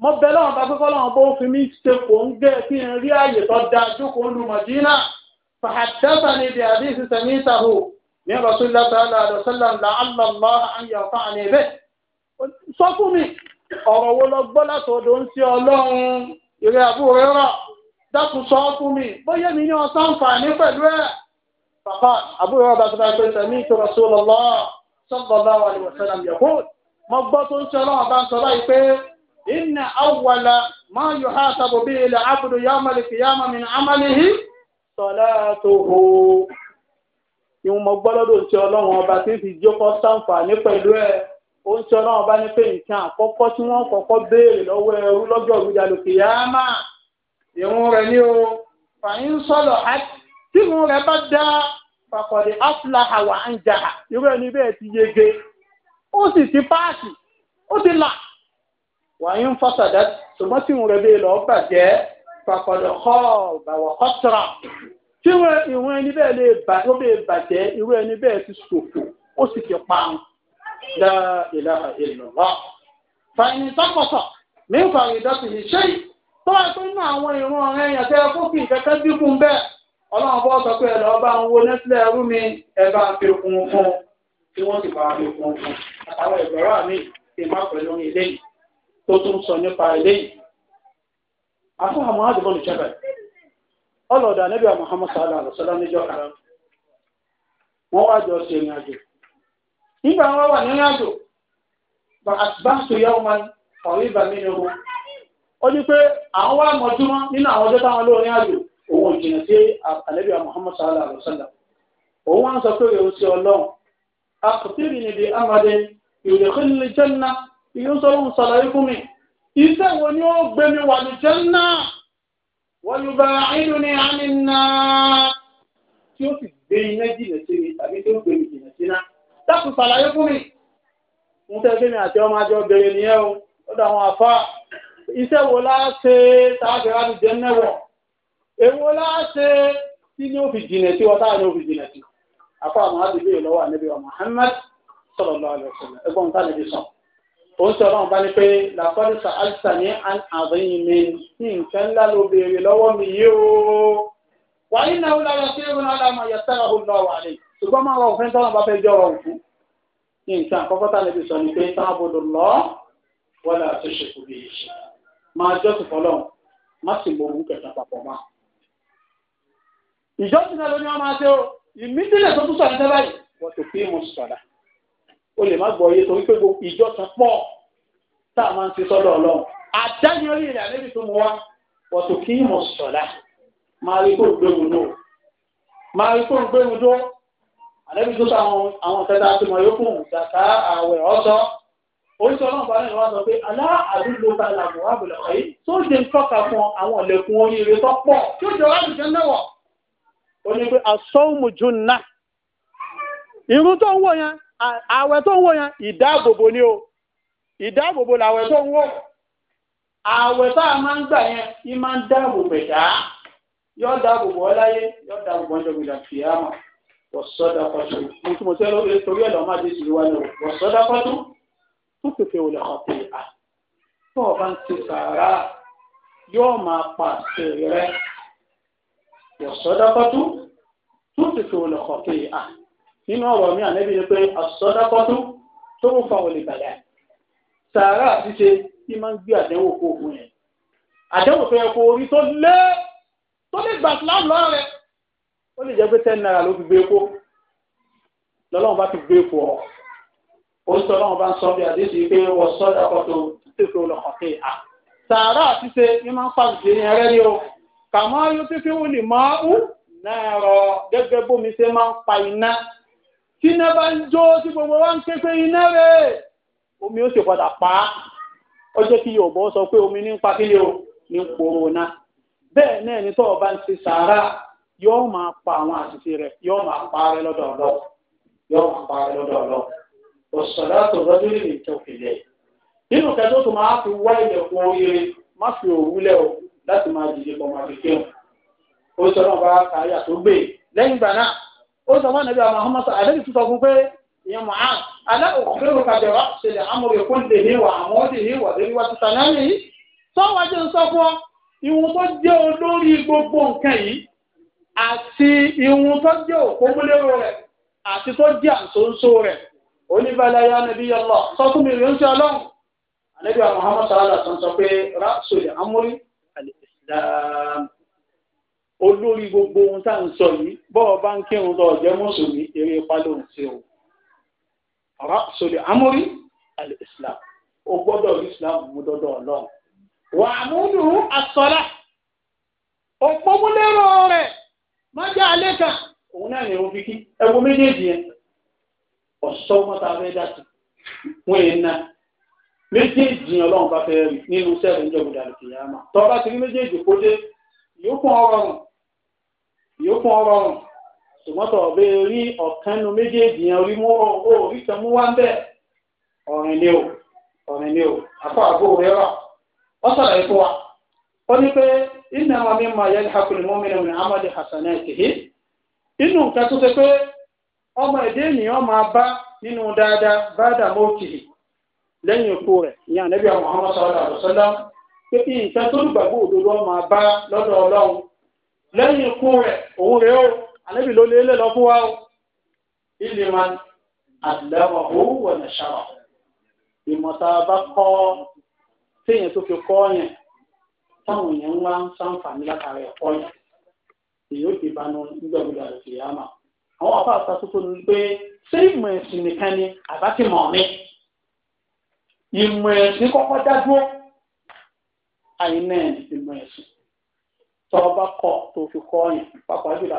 mo bẹ lọ́wọ́n bá pípọ́ lọ́wọ́n bó fi mí ṣe kò ń gẹ́ kí n rí àyè tó da jókòó lu Madina fàhàdẹ́sà ni bí àdéhùn sẹ́mi ìtàhù ní rasulillah sallallahu alayhi wa sallam la allah an yà fún àná ibẹ̀. sọ fún mi ọ̀rọ̀ wo lọ gbọ́ látọ̀dọ̀ ń ṣe ọlọ́run ìrẹ́ àbúrò rẹ̀ rọ̀ dákun sọ fún mi bóyá mi ní ọ̀sán fàní pẹ̀lú ẹ̀. فقال أبو عبد الله بن سميت رسول الله صلى الله عليه إن أول ما يحاسب به العبد يوم القيامة من عمله صلاته ìwọ̀n mo gbọ́ lọ́dọ̀ ti ọlọ́run ọba tí ń fi jókòó sàǹfààní pẹ̀lú ẹ̀ ó ń ti ọlọ́run ọba ní pé nǹkan àkọ́kọ́ tí wọ́n kọ́kọ́ béèrè lọ́wọ́ ẹrú lọ́jọ́ ìgbìjà lòkè yá mà ìwọ̀n rẹ̀ ni o fàyín sọ̀lọ̀ tí ìwọ̀n rẹ̀ bá dá pàkọ̀dé afúláhà wà ń jà irú ẹni bẹ́ẹ̀ ti yege ó sì ti páàkì ó ti là wàyí ń fọ́sàdá ṣùgbọ́n tí ìwọ̀n rẹ̀ bẹ́ẹ̀ lọ́ọ́ bàjẹ́ pàpàdọ̀ kọ́ bàwọ̀ kọ́tàrà tí ìwọ̀n ẹni bẹ́ẹ̀ lè bà ó bẹ́ẹ̀ bàjẹ́ irú ẹni bẹ́ẹ̀ ti ṣòfò ó sì ti pa ń dá ìlànà ìlọ́lọ́. fàyìn tọkọtọ mi ń fàyìn dọ́tí yìí ṣé tó wà tó nínú àwọn ìran ọ̀rẹ́ yẹn tẹ́ kó fi kẹ́kẹ́ dínkù bẹ́ẹ̀ ọlọ́run bọ́ sọ pé ẹ̀lọ́ bá ń wo nẹ́sílẹ̀ ẹrú mi ẹ bá fi kún fún tí wọ́n sì bá fi kún fún àtàwọn ìgbọ̀rọ̀ mi ti má pẹ̀lú ilé tó tún sọ nípa eléyìí afáà muhammed bọ́ọ̀lù jẹ́bẹ̀ ọlọ́dà níbi muhammad sallallahu alaihi wasallam níjọ́ kan wọ́n wá jọ ìrìn àjò nígbà wọn wà àjò yẹ wọn wọn ó ní pé àwọn nínú àwọn ọjọ́ táwọn lórí àjò òun sí àlẹ́bí òun sọ pé òun ọlọ́run amadé ìyó sọlọ́run ṣàlàyé fún mi iṣẹ́ wo ni ó gbé mi wà ní jẹ́nà wọ́n yóò bá inú ní àmìnà tí ó sì gbé iná jìnà sí mi tàbí tí ó gbé mi jìnà sí náà dákun ṣàlàyé fún mi mo fẹ́ kí ni àti ọmọ àjọ bẹ̀rẹ̀ nìyẹn o lọ́dọ̀ àwọn àfa iṣẹ́ wo la ṣe tàbí wà ní jẹ́nà wọ̀ èwo la ṣe tí ni ó jìnà sí wọ́n táà ni ó jìnà sí àfa àwọn àdúgbò yìí lọ́wọ́ àníbi òun sọ ọlọ́run bá ní pé làkọ́dísà alisa ní àdéhìn mi ní nǹkan ńlá ló béèrè lọ́wọ́ mi yé o wàá ní náà lára sí ẹ̀rọ aláàmọ̀ yẹtẹ́rọ òun náà wà ní ṣùgbọ́n máa wọ òfin tọ́lọ́run bá fẹ́ jọ ọ̀rọ̀ òkú ní nǹkan àkọ́kọ́ tá níbi sọ ni pé táàbùdù lọ wọlé àti ṣèkú bí i ṣe máa jọ́sìn fọlọ́run má sì mọ òun kẹta papọ̀ mọ́. ìjọ́sìn náà ló ní wọ́n máa ṣe o lè má gbọ́ iye torí pé ìjọsìn pọ̀ tá a máa ń ti sọ́dọ̀ ọlọ́run àdáyọrí rẹ̀ àlébi tó mu wá wọ́tò kí mọ̀ sọ̀dá máa rí kó gbégun dó máa rí kó gbégun dó àlébi tó sọ àwọn tẹ́tà tó mọ̀ yókù gàtà àwẹ̀ ọ̀sọ́ oríṣi ọlọ́run bá lẹ́nu wá sọ pé alá àdúgbò bá la mọ̀ wá bẹ̀rẹ̀ ọ̀yìn tó ṣe ń tọ́ka fún àwọn ọ̀lẹ́kùn oríire tó pọ̀ tí ó jọ wá lùjẹ́ náwọ̀ ó ní pé asọ́wùmùjú náà irú tó ń wọ̀ yẹn àwẹ̀ tó ń wò yẹn ìdáàbòbò ni o ìdáàbòbò làwẹ̀ tó ń wò àwẹ̀ tá a máa ń gbà yẹn yín máa ń dáàbòbò ẹ̀dá yóò dáàbòbò ọláyé yóò dáàbòbò ọjọ́ gbìyànjú fìyàmà wọ̀sọ́dà kọ́tù mo tún mo tẹ́ lórí torí ẹ̀ lọ́ọ́ má dé sí wa lọ wọ̀sọ́dà kọ́tù tó pèpè wò lọ́kàn pé à tó o bá ń ti sàárà yóò máa pa àṣẹ rẹ wọ̀sọ́dà kọ́tù tó pèpè wò lọ́kàn pé à nínú ọ̀rọ̀ mi ànẹ́bí ni pé àsọdákọ́tún tó ń fa olè bàlẹ́ sàárà ṣíṣe tí máa ń gbé àdánwò kó òun yẹn àdánwò tó yẹ kó orí tó lé tó lè gbà síláàmù lọ́rọ̀ rẹ̀ ó lè jẹ́ pé ten naira ló fi gbé kó lọ́lọ́run bá fi gbé kó ọ ó sọ lọ́run bá ń sọ bí àdéṣe pé wọ́n sọdákọ́tún tó fi olùkọ́ pé à sàárà ṣíṣe ni máa ń fa ìṣẹ̀yìn rẹ̀ ni o kàmá yóò tó fi wọlé máa ń tí iná bá ń jó tí gbogbo wa ń ké pé iná omi ó sì padà pa á ó jẹ́ sọ pé omi ní ń pa kílẹ̀ o ní ń náà bẹ́ẹ̀ náà ní pa àwọn àṣìṣe rẹ̀ yóò máa pa rẹ lọ́dọ̀ ọ̀lọ́ yóò máa pa rẹ lọ́dọ̀ ọ̀lọ́ tó fi lẹ̀ nínú tó máa fi wá o láti máa dìde pọ̀ máa fi sọ náà ó sọ fún ànábì Muhammad ànábì tó sọ fún pé ìyẹn mọ̀ án alẹ́ òkúrò kàbẹ̀ wá ṣẹlẹ̀ amòye kó lè ní wà àmọ́ ó lè ní wà lórí wa títà náà nìyí sọ́wájú ń sọ fún ọ ìwọ̀n tó jẹ́ olórí gbogbo nǹkan yìí àti ìwọ̀n tó jẹ́ òpómúlérò rẹ̀ àti tó jẹ́ àǹsóńsó rẹ̀ oníbàlẹ̀ ayé anabi yọlọ sọ fún mi ìrìnsẹ̀ ọlọ́run ànábì Muhammad sọ pé rásùlẹ̀ amórí àlè ìsìlámù olórí gbogbo ohun tá à ń sọ yìí bọ́ọ̀ bá ń kírun lọ ọ̀jẹ́ mùsùlùmí eré ipá ló ń ṣe o ọ̀rá sọlẹ̀ amórí alẹ́ islam o gbọ́dọ̀ rí islam mú dọ́dọ̀ ọlọ́run wà á múlù asọ́lá òpómúlérò rẹ̀ májá alẹ́ kan òun náà ní irun kíkí ẹ̀wọ̀n méjèèjì yẹn ọ̀ṣọ́ mọ́ta fẹ́ dàtí wọ́n yẹn ná méjèèjì yẹn ọlọ́run bá fẹ́ rí nínú sẹ́ẹ̀rù ń jọ̀gbọ̀dà lùkìyàmà tọ́ bá ti rí méjèèjì kó dé yóò kún ọrọ̀rùn ìyókù ọrọ ọ̀hún tòmọ́tò ọ̀bẹ rí ọ̀kan nu méjèèjì yẹn orí múrò owó orí kan mú wá ń bẹ̀ ọ̀rìn ni o ọ̀rìn ni o àpá àbò rà sọ̀rọ̀ wa ó ní pé iná wa mi máa amadi hasan inú nǹkan tó ọmọ ènìyàn máa bá nínú dáadáa bá lẹ́yìn rẹ̀ ní pé nǹkan tó lẹ́yìn ikú rẹ̀ òun rẹ̀ ó alẹ́bí ló lélẹ̀ lọ fún wa ó ilé ma àdìlẹ́wọ̀ òun wọ̀ ní ṣàwà ìmọ̀ta bá kọ́ téèyàn tó fi kọ́ yẹn táwọn èèyàn wá ń sáǹfààní látara ẹ̀kọ́ yẹn èyí ó ti banu nígbàgbọ́dọ̀ àti ìyáàmà àwọn afa àtàtúntò ní pé ṣé ìmọ̀ ẹ̀sìn nìkan ni àbá ti mọ̀ mí ìmọ̀ ẹ̀sìn kọ́kọ́ dá dúró àyínà ìmọ̀ ẹ̀sìn. tọ ọ bá kọ́ tó fi kọ́ yẹn pàápàá jùlọ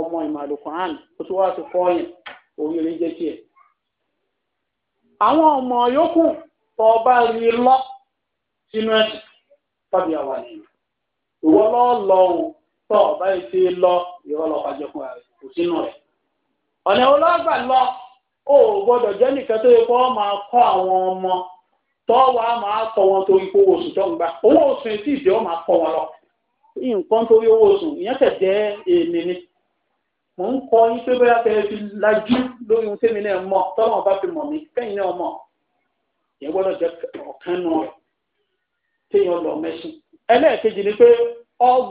ọmọ ìmọ̀ alukoran ó tún wá ti yẹn àwọn ọmọ yòókù tọ ọ bá rí lọ sínú ẹ̀sìn tọ́bi àwa nìyẹn ìwọ lọ́ ọ bá ti lọ ìwọ lọ́ọ́ fún kò sínú ọmọ máa kọ́ wọn torí kó oṣù tó ń gbà owó oṣù tí nǹkan torí owó oṣù ìyẹn tẹ̀ jẹ́ èmi ni mò ń kọ yín pé bóyá tẹ fi lajú lórí ohun tẹ́mi náà mọ̀ tọ́lọ́ bá fi mọ̀ mí kẹ́yìn náà mọ̀ ìyẹn gbọ́dọ̀ jẹ́ ọ̀kan nù téèyàn ni pé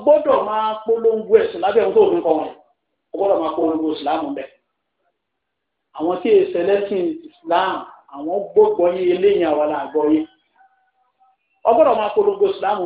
gbọ́dọ̀ máa polongo Ẹ̀sùn lábẹ́ ohun tó fi kọ wọn polongo ìsìláàmù bẹ́ẹ̀ àwọn tí èsì ẹlẹ́sìn ìsìláàmù àwọn gbọ́gbọ́ yé eléyìn yé polongo ìsìláàmù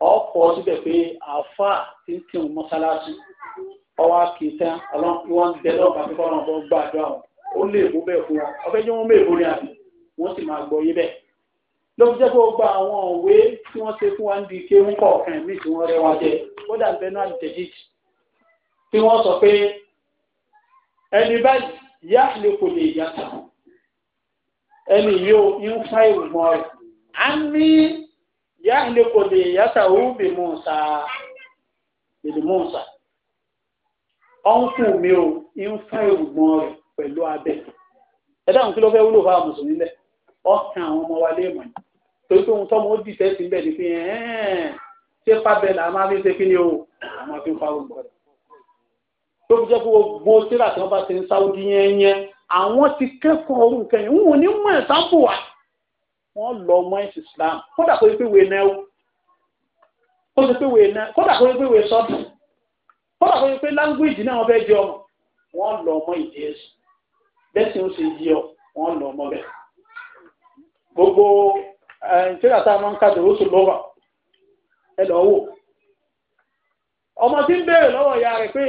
ọkọ̀ síbẹ̀ pé àáfàá ti ń kírun mọ́sálásí ọwọ́ àkìtàn wọn bẹ lọ́ọ̀bà pípa ọ̀nà ọ̀bọ̀ gbàdúrà wọn ó lè mú bẹ́ẹ̀ fún wọn ọbẹ̀ jẹ́ wọn mẹ́ẹ̀ẹ́bù ni àbí wọ́n sì máa gbọ́ yé bẹ́ẹ̀ ló fi jẹ́ pé ó gba àwọn òwe tí wọ́n ṣe fún wa ń di kéwú kọ̀ọ̀kan míì tí wọ́n rẹ́ wa jẹ kódà bẹ́ẹ̀ náà tẹ̀jíìtì tí wọ́n sọ pé ẹni báyìí yá lè kò lè yàtọ̀ ẹni yóò ń fa ìrùmọ̀ rẹ̀ á ní yahliku liyatahu bi Musa bi Musa ọ̀nkùn mi ò ń fún ìrùgbọ́n rẹ̀ pẹ̀lú abẹ ẹ dáhùn kí ló fẹ́ wúlò fáwọn mùsùlùmí lẹ̀ ọkàn àwọn ọmọ wa léèmọ̀ ni torí pé ohun tọ́mọ ó dìtẹ́ sí bẹ́ẹ̀ ni fi hàn ṣé pábẹ́ là á máa fi ṣe kí ni o àwọn fi ń fa ògbọ́n rẹ̀ tó fi jẹ́ pé gbogbo síra tí wọ́n bá ti ń sáwọ́ di yẹn yẹn àwọn ti kẹ́kọ̀ọ́ orúkọ yẹn wọ́n lọ ọmọ ẹ̀sìn Islam kódà kó náà kó pé náà kódà kó sọ́ọ̀tù kódà kó náà wọ́n lọ ìdí ọ wọ́n lọ ọmọ bẹ́ẹ̀. gbogbo ìṣẹ́lẹ̀ a sùn lọ́wọ́ ẹ wò ọmọ tí ń béèrè lọ́wọ́ ìyá rẹ̀ pé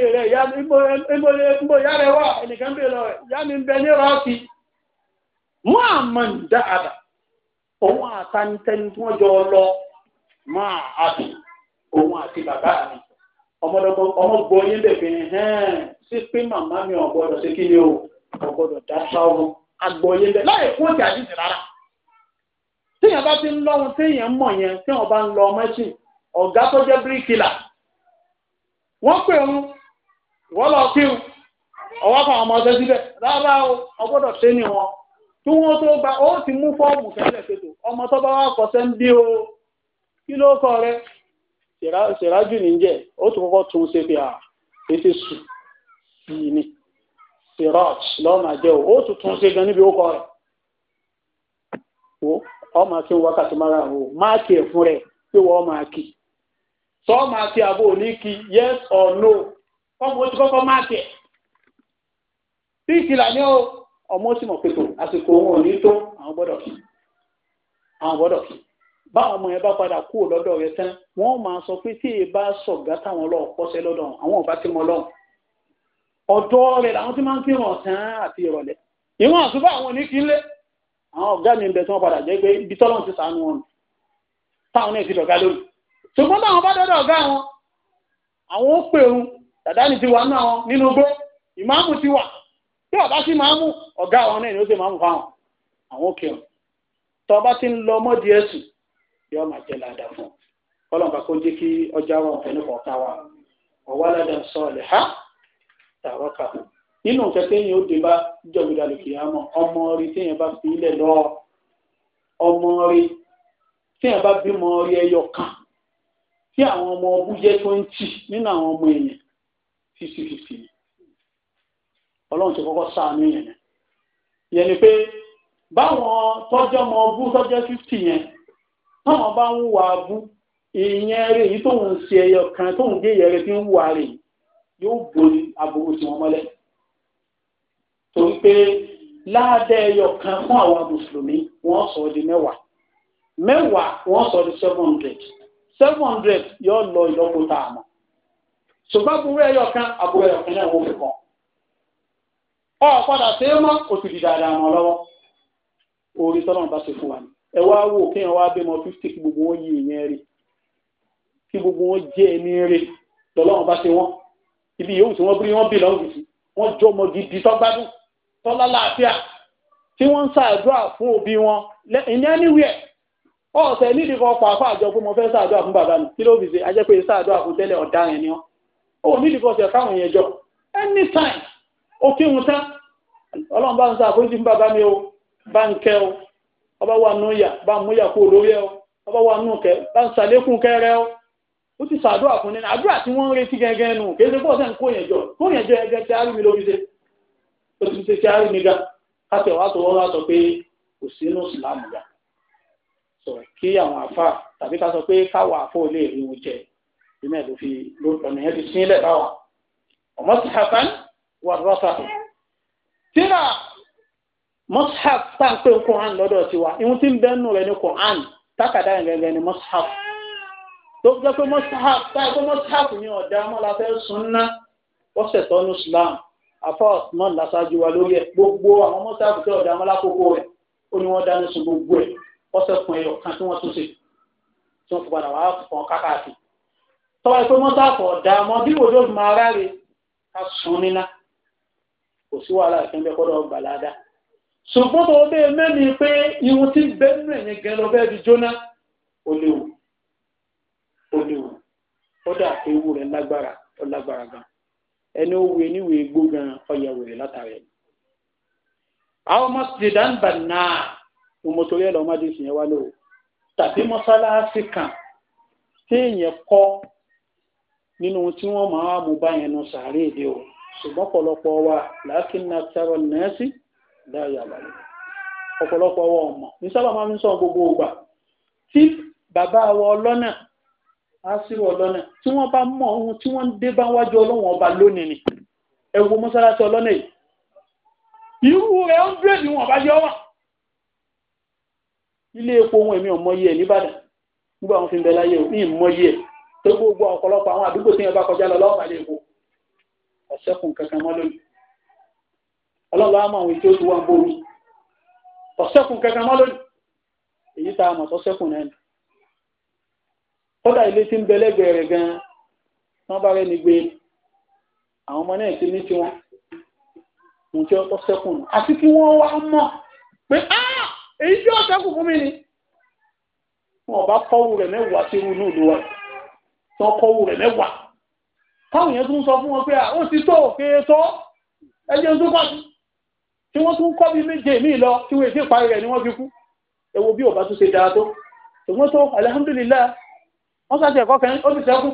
ìyá òun àtàntẹni tí jọ lọ máa àbí òun àti bàbá mi ọmọdọ́gbọ́ ọmọgbọ́ yín bẹ̀bẹ̀ ni sí pé màmá mi ò gbọ́dọ̀ ṣe kí ni o ò gbọ́dọ̀ dá sáwọn ọrụ. yín fún òkè àdìsí rárá téèyàn bá ti ń lọ téèyàn mọ̀ yẹn téèyàn bá ń ọmọ ọ̀gá tó bíríkìlà wọ́n pè ń tí wọ́n tó gba ó ti mú fọ́ọ̀mù kẹ́lẹ̀ pẹ̀tọ̀ ọmọ tó bá wà kọsẹ́ ń bí o kí ló kọ rẹ ṣèrájú níjẹ ó tún kọ́kọ́ tún ṣe fi à ètè sù yìí ni ṣèrọ́ọ̀t lọ́mà jẹ́ o ó tún tún ṣe gan níbi ó kọ rẹ o ọmọ kí n wákàtí mara o máàkì ẹ̀ fún rẹ pé wọ́n máa kì sọ máa kí àbò ní kí yes or no ọmọ ojú kọ́kọ́ máàkì ẹ̀ sí ìkìlà ni ó ọmọ sì mọ̀ pé tó àsìkò òun ò ní tó àwọn gbọ́dọ̀ kì àwọn gbọ́dọ̀ kì báwọn ọmọ yẹn bá padà kúrò lọ́dọ̀ rẹ tán wọ́n máa sọ pé tí èèbá sọ̀gá táwọn ọlọ́ọ̀ pọ́sẹ́ lọ́dọ̀ àwọn ọba tí mo lọ́ọ̀ ọ̀dọ́ rẹ̀ làwọn tí máa ń kírun ọ̀sán àti ìrọ̀lẹ́ ìwọ̀n àṣùbọ̀ àwọn oníkílé àwọn ọ̀gá mi ń bẹ tí wọ́n padà jẹ́ pé ibi tọ́lọ́run ti sànú ni ti wà nínú igbó ìmáàmù ti wà tí ọba sí máa mú ọ̀gá àwọn náà ni ó sì máa mú fáwọn àwọn òkè ọ̀hún tọba ti ń lọ mọ́dí ẹ̀sùn yóò máa jẹ́ ládàá fún un kó jẹ́ kí ọjà wọn ọ̀fẹ́ wa sọ ha nínú ó dé bá ọmọ rí bá fi lọ ọmọ rí bá bímọ rí ẹyọ kan tí àwọn ọmọ ọbú ọmọ ni ọlọ́run ti kọ́kọ́ sáànú yẹn yẹn ni pé báwọn tọ́jọ́ mọ bú tọ́jọ́ fífì yẹn táwọn bá ń wà bú ìyẹn rẹ̀ èyí tóun ṣe ẹyọ kan tóun gé ìyẹn rẹ̀ fi ń wà rẹ̀ yóò borí aburú tí wọ́n mọ́lẹ̀ torí pé láàdẹ́ ẹyọ kan fún àwọn mùsùlùmí wọ́n sọ di mẹ́wàá mẹ́wàá wọ́n sọ di seven hundred seven hundred yóò lọ ìlọ́po tá a mọ̀ ṣùgbọ́n aburú ẹyọ kan aburú ẹyọ kan náà wọ́n fi kàn ọ padà ṣe é mọ́ o ti di dáadáa mọ́ lọ́wọ́ orí tọ́lọ́run bá ṣe fún wa ni ẹ wá wò kéèyàn wá bímọ fifty kí gbogbo wọn yí ìyẹn rí kí gbogbo wọn jẹ́ ẹni rí tọ́lọ́run bá ṣe wọ́n ibi yòówù tí wọ́n bí wọ́n bí lọ́wọ́ gidi wọ́n jọ ọmọ gidi tọ́gbádùn tọ́lá láàfíà tí wọ́n ń ṣàdúrà fún òbí wọn ìyẹn níwèé ọ̀sẹ̀ nídìí kan pàápàá àjọ pé mo fẹ́ ṣàdúrà fún bàbá mi kí ló fi ṣe ajẹ́ pé ṣàdúrà fún tẹ́lẹ̀ ọ̀daràn ni wọ́n ò nídìí kan ṣe káwọn yẹn jọ anytime oke kí ọlọmba tán ọlọ́run mba ń sá ọ o ba ń o ọba wà ya yà bá ọ ọ kú olórí o ọba wà nke kẹ bá ń sàlékún o ó ti sàdúrà fún nínú àdúrà tí wọ́n ń retí gẹ́gẹ́ nù kì í ṣe ń kó yẹn jọ kó yẹn jọ tí a rí mi lórí ṣe ó ti ṣe tí a rí mi ga káfíà wà tó sọ pé kò sínú ìsìlámù ga sọ kí àwọn tàbí ká sọ pé káwọ ilé jẹ ìmẹ̀ ló fi wàrọ́sàtò tíra mushaf tá à ń pè Quran lọ́dọ̀ tiwa ìhun tí ń bẹ́ nù rẹ̀ ní Quran tákàdá ìrẹ̀rẹ̀ ní mushaf tó jẹ́ pé mushaf tá à ń pè mushaf ní ọ̀dà ọmọláfẹ́ sunná ọ̀sẹ̀ tọ́nu Islam afọ Usman lasájú wa lórí ẹ̀ gbogbo àwọn mushaf tó ọ̀dà ọmọlákòókò rẹ̀ ó ní wọ́n dání sun gbogbo ẹ̀ ọ̀sẹ̀ kun ẹ̀yọ̀ kan tí wọ́n tún ṣe tí wọ́n fi padà wá fọ́n kákàkiri tọ́wọ́ ẹ̀ pé mushaf ọ̀dà ọmọ bí wòlóògùn ara rẹ̀ ká sun níná kò sí wàhálà kí n bẹ kọ́dọ̀ ọgbà ládàá ṣùgbọ́n tó bẹ́ẹ̀ mẹ́ni pé irun tí bẹ́ẹ̀nù ẹ̀yìn gan lọ bẹ́ẹ̀ di jóná ó léwu ó léwu ó dà pé ewu rẹ̀ lágbára ó lágbára gan ẹni ó wé níwèé gbó gan ọyà wèrè látàrí ẹ̀. àwọn mọ́sídìdá ń bà náà mo mọ torí ẹ̀ lọ́ọ́ má dé yẹn wá lóru tàbí mọ́sálásí kan téèyàn kọ́ nínú tí wọ́n máa mú báyẹn nu sàárè dé o ṣùgbọ́n pọ̀lọpọ̀ wa làákìnnà tẹ́rọ nẹ́ẹ̀sì láàyè àbálẹ̀ ọ̀pọ̀lọpọ̀ wa ọmọ ní sábà máa ń sọ gbogbo ògbà tí bàbá wa ọlọ́nà á sí wa ọlọ́nà tí wọ́n bá mọ ohun tí wọ́n ń dé bá wájú ọlọ́wọ́n ọba lónìí ni ẹ wo mọ́sálásí ọlọ́nà yìí irú rẹ̀ hundred wọn bá yọ wọn ilé epo wọn èmi ò mọyì ẹ nìbàdàn nígbà wọn fi ń bẹ láyé ò ní ìmọyì ẹ tó gbogbo ọ̀pọ̀lọpọ̀ àwọn àdúgbò tí yẹn bá kọjá lọ lọ́ọ̀pàá lè kó ọ̀sẹ́kùn kankan mọ́ lónìí ọlọ́lọ́ àmọ́ àwọn ètò òtún wà ń bóru ọ̀sẹ́kùn kankan mọ́ lónìí èyí tá a mọ̀ sọ́sẹ́kùn náà kódà ilé tí ń bẹ lẹ́gbẹ̀ẹ́ rẹ̀ gan-an wọ́n bá rẹ́ni gbé àwọn ọmọ náà ti ní tiwọn mo jẹ́ ọtọ́ sẹ́kùn nù àti kí wọ́n wá mọ̀ pé èyí tí ó sẹ́kùn fún mi ni wọn ò bá kọ́wù rẹ̀ mẹ́wàá sí irú inú ìlú wa tí wọ́n kọ́wù rẹ̀ mẹ́wàá táwọn èèyàn tún sọ fún wọn pé ó ti tó òkèèrè tó ẹjẹ́ tó pọ̀ tí wọ́n tún kọ́ bí méje mí lọ tí wọ́n èsì parí rẹ̀ ni wọ́n fi kú ewo bí ọba tún ṣe dára tó ṣùgbọ́n tó alihamudulilá wọ́n sàti ẹ̀kọ́ kan ó ti sẹ́kù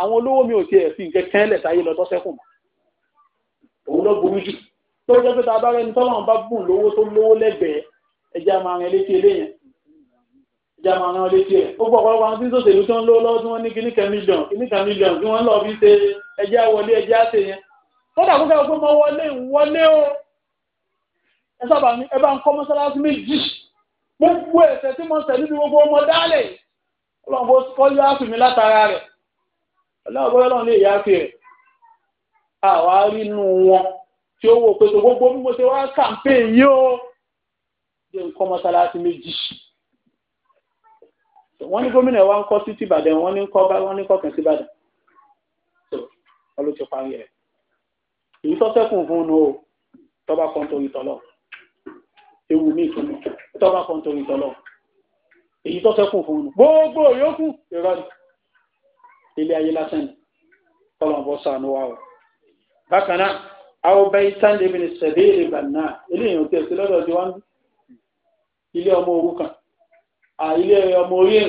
àwọn olówó mi ò tiẹ̀ fi nǹkan kan lẹ̀ sáyé lọ tó sẹ́kù mọ́ òun ló burú jù tó jẹ́ pé ta bá rẹni tọ́lọ́run bá bùn lówó tó lówó lẹ́gbẹ̀ẹ́ ẹjẹ́ a máa rìn létí eléyẹn jàmọ̀ àwọn létí ẹ̀ ó pọ̀ pọ̀lọpọ̀ àwọn tí ń sòṣèlú tó ń lówó lọ́wọ́ tí wọ́n ní kíní kan mílíọ̀n kíní kan mílíọ̀n tí wọ́n lọ fi ṣe ẹjẹ́ àwọlé ẹjẹ́ àṣẹ yẹn kódà kó kẹ́kọ̀ọ́ mọ wọlé wọlé o ẹ sábà ní ẹ bá ń kọ́ mọ́sálásí méjì gbogbo ẹ̀sẹ̀ tí mo ń sẹ̀ níbi gbogbo ọmọ dálẹ̀ ọlọ́run bó kọ́ yá fi mi látara rẹ̀ ọlọ́run bó yọ́lọ́run lè yá fi rẹ̀ àwa rí inú wọn tí ó wò pé tó gbogbo bí mo ṣe wá kàmpéyìn wọ́n ní gómìnà wa ń kọ́ sí tìbàdàn wọ́n ní kọ́ bá wọ́n ní kọ́kàn sí ìbàdàn wọ́n ló ti parí rẹ̀ èyí tó sẹ́kùn fún un o tọ́ba kan torí tọ́lọ̀ ewu mi ìtumọ̀ tọ́ba kan torí tọ́lọ̀ èyí tó sẹ́kùn fún un gbogbo yòókù irọ́ ni ilé ayé lásán ni tọ́lọ̀ bọ́ sànú wa o bákan náà àwọn bẹ́ẹ̀ sáńdé mi ní sẹ̀dé ìrìbà náà eléyìí ò tẹ̀sí lọ́dọ̀ ọjọ́ wa ń bí ilé ọmọ òrukàn ilé ọmọ orí ẹ̀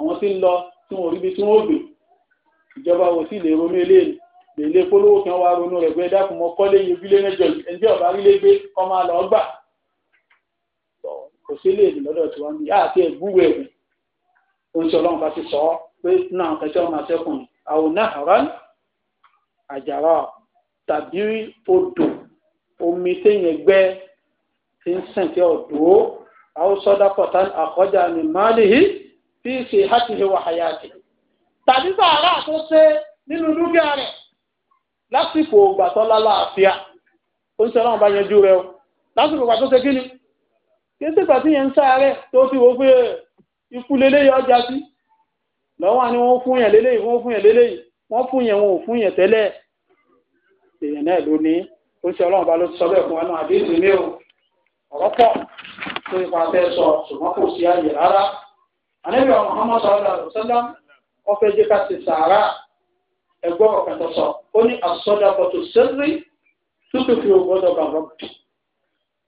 àwọn tí ń lọ tí wọn ò ríbi tí wọn ò gbé ìjọba wò sí lè ronú eléyìí lè lé polówó kan wá ronú rẹ̀ pé dákun mọ́ kọ́lé yebílé mẹ́jọ yìí ẹ̀ǹjẹ́ ọ̀bá rí lé gbé kọ́ máa lọ gbà kò sí lè lọ́dọ̀ tí wọ́n ní àti ẹ̀gbúwe ẹ̀gbìn oúnjẹ ọlọ́run ká ti sọ ọ́ pé náà kẹjọ́ máa sẹ́kùn àwọn náà rán àjàrà tàbí odò omi téèyàn gbẹ́ ti ń sìn tí ọ̀dọ́ àwọn sọdọkọtàn àkọjá ní máàlìhí fi ṣe hàtìhí wà hayàtì tàbí sàárà tó ṣe nínú dúkìá rẹ̀ lásìkò ògbà tó lálàáfíà ó ń ṣe ọlọ́run bá yanjú rẹ̀ o lásìkò ògbà tó ṣe kí ni kí ṣe pàtí yẹn ń sáré tó ti wò pé ikú lélẹ́yìí ọjà sí lọ́wọ́ ni wọ́n fún yẹn lélẹ́yìí wọ́n fún yẹn lélẹ́yìí wọ́n fún yẹn wọn ò fún yẹn tẹ́lẹ̀ èèyàn náà ló ní ó ṣe ọlọ́run bá ló sọ bẹ́ẹ̀ fún wa náà àdéhùn mi ò ọ̀rọ̀ pọ̀ tó ipa fẹ́ sọ ṣùgbọ́n kò sí ààyè rárá ànábì wa Muhammad sallallahu alaihi wa sallam wọ́n fẹ́ jẹ́ ká ṣe sàárà ẹgbọ́n ọ̀kan tó sọ ó ní as-sadaqatu sirri tútùfì ògbọ́dọ̀ bàbá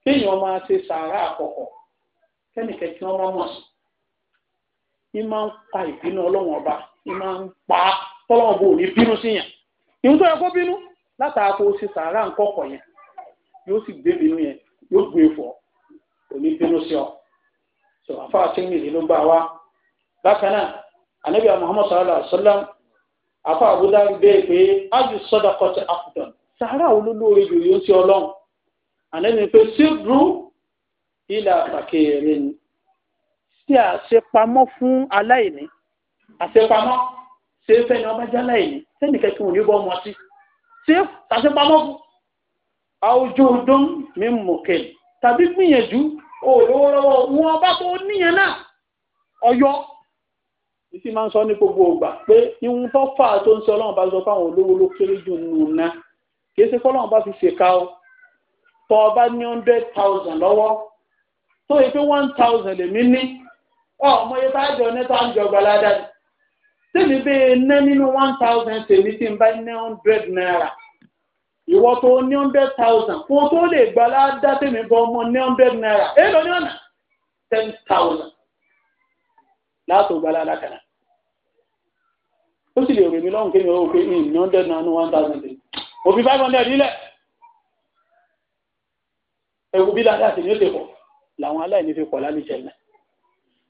kéèyàn máa ṣe sàárà àkọ́kọ́ kẹ́nìkẹ́ kí wọ́n má mọ̀ sí i máa ń pa ìbínú ọlọ́wọ́n ọba i máa ń pa tọ́lọ́wọ́n bò ní bínú sí yẹn ìhun tó yẹ kó bínú látàkó ṣe sàárà ńkọ̀kọ̀ yẹn yóò sì gbé bínú yẹn yóò gbé fọ́ òní bínú sí ọ so afáà Tirmidhi ni gbà wá bákan náà anabi Muhammad sallallahu alaihi wa sallam afáà Abu Dawud bẹ́ẹ̀ pé ájú sadaqati afdal Sahara olólóore jù yóò ti ọlọ́run anabi pé sídùú ilà pàkèrè ni tí a ṣe pamọ́ fún aláìní àṣepamọ́ ṣe fẹ́ni ọba jẹ́ aláìní sẹ́nìkẹ́ kí wọ́n ní bọ́ ọmọ sí ṣe àṣepamọ́ fún àwùjọ ọdún mímú kẹ́lì tàbí gbìyànjú òlówórọ́wọ́ wọn bá tó níyàn náà ọyọ́ ìsì máa ń sọ ní gbogbo ògbà pé ihun tó fà tó ń sọ ọlọ́run bá sọ fáwọn olówó ló kéré jù nù náà kìí ṣe fọlọ́run bá fi ṣèkà o tọ́ ọ bá ní hundred thousand lọ́wọ́ tó yẹ pé one thousand lèmi ní ọmọ yẹn bá jọ ní tá ń jọ gbalada tèmi bẹ́ẹ̀ ná nínú one thousand tèmi tí ń bá ní hundred naira ìwọ tó ní hundred thousand kó tó lè gba aládá tèmi bọ ọmọ ní hundred naira èèlò ní ọ̀nà ten thousand láti gba aládá kàrà ó sì lè rè mí lọ́hùn kéèyàn ó pé ní hundred naira ní one thousand òfin five hundred nílẹ̀ ẹ̀wù bí ládàá sì ní ó lè pọ̀ làwọn aláìní fi pọ̀ lálẹ́ ìṣẹ̀lẹ̀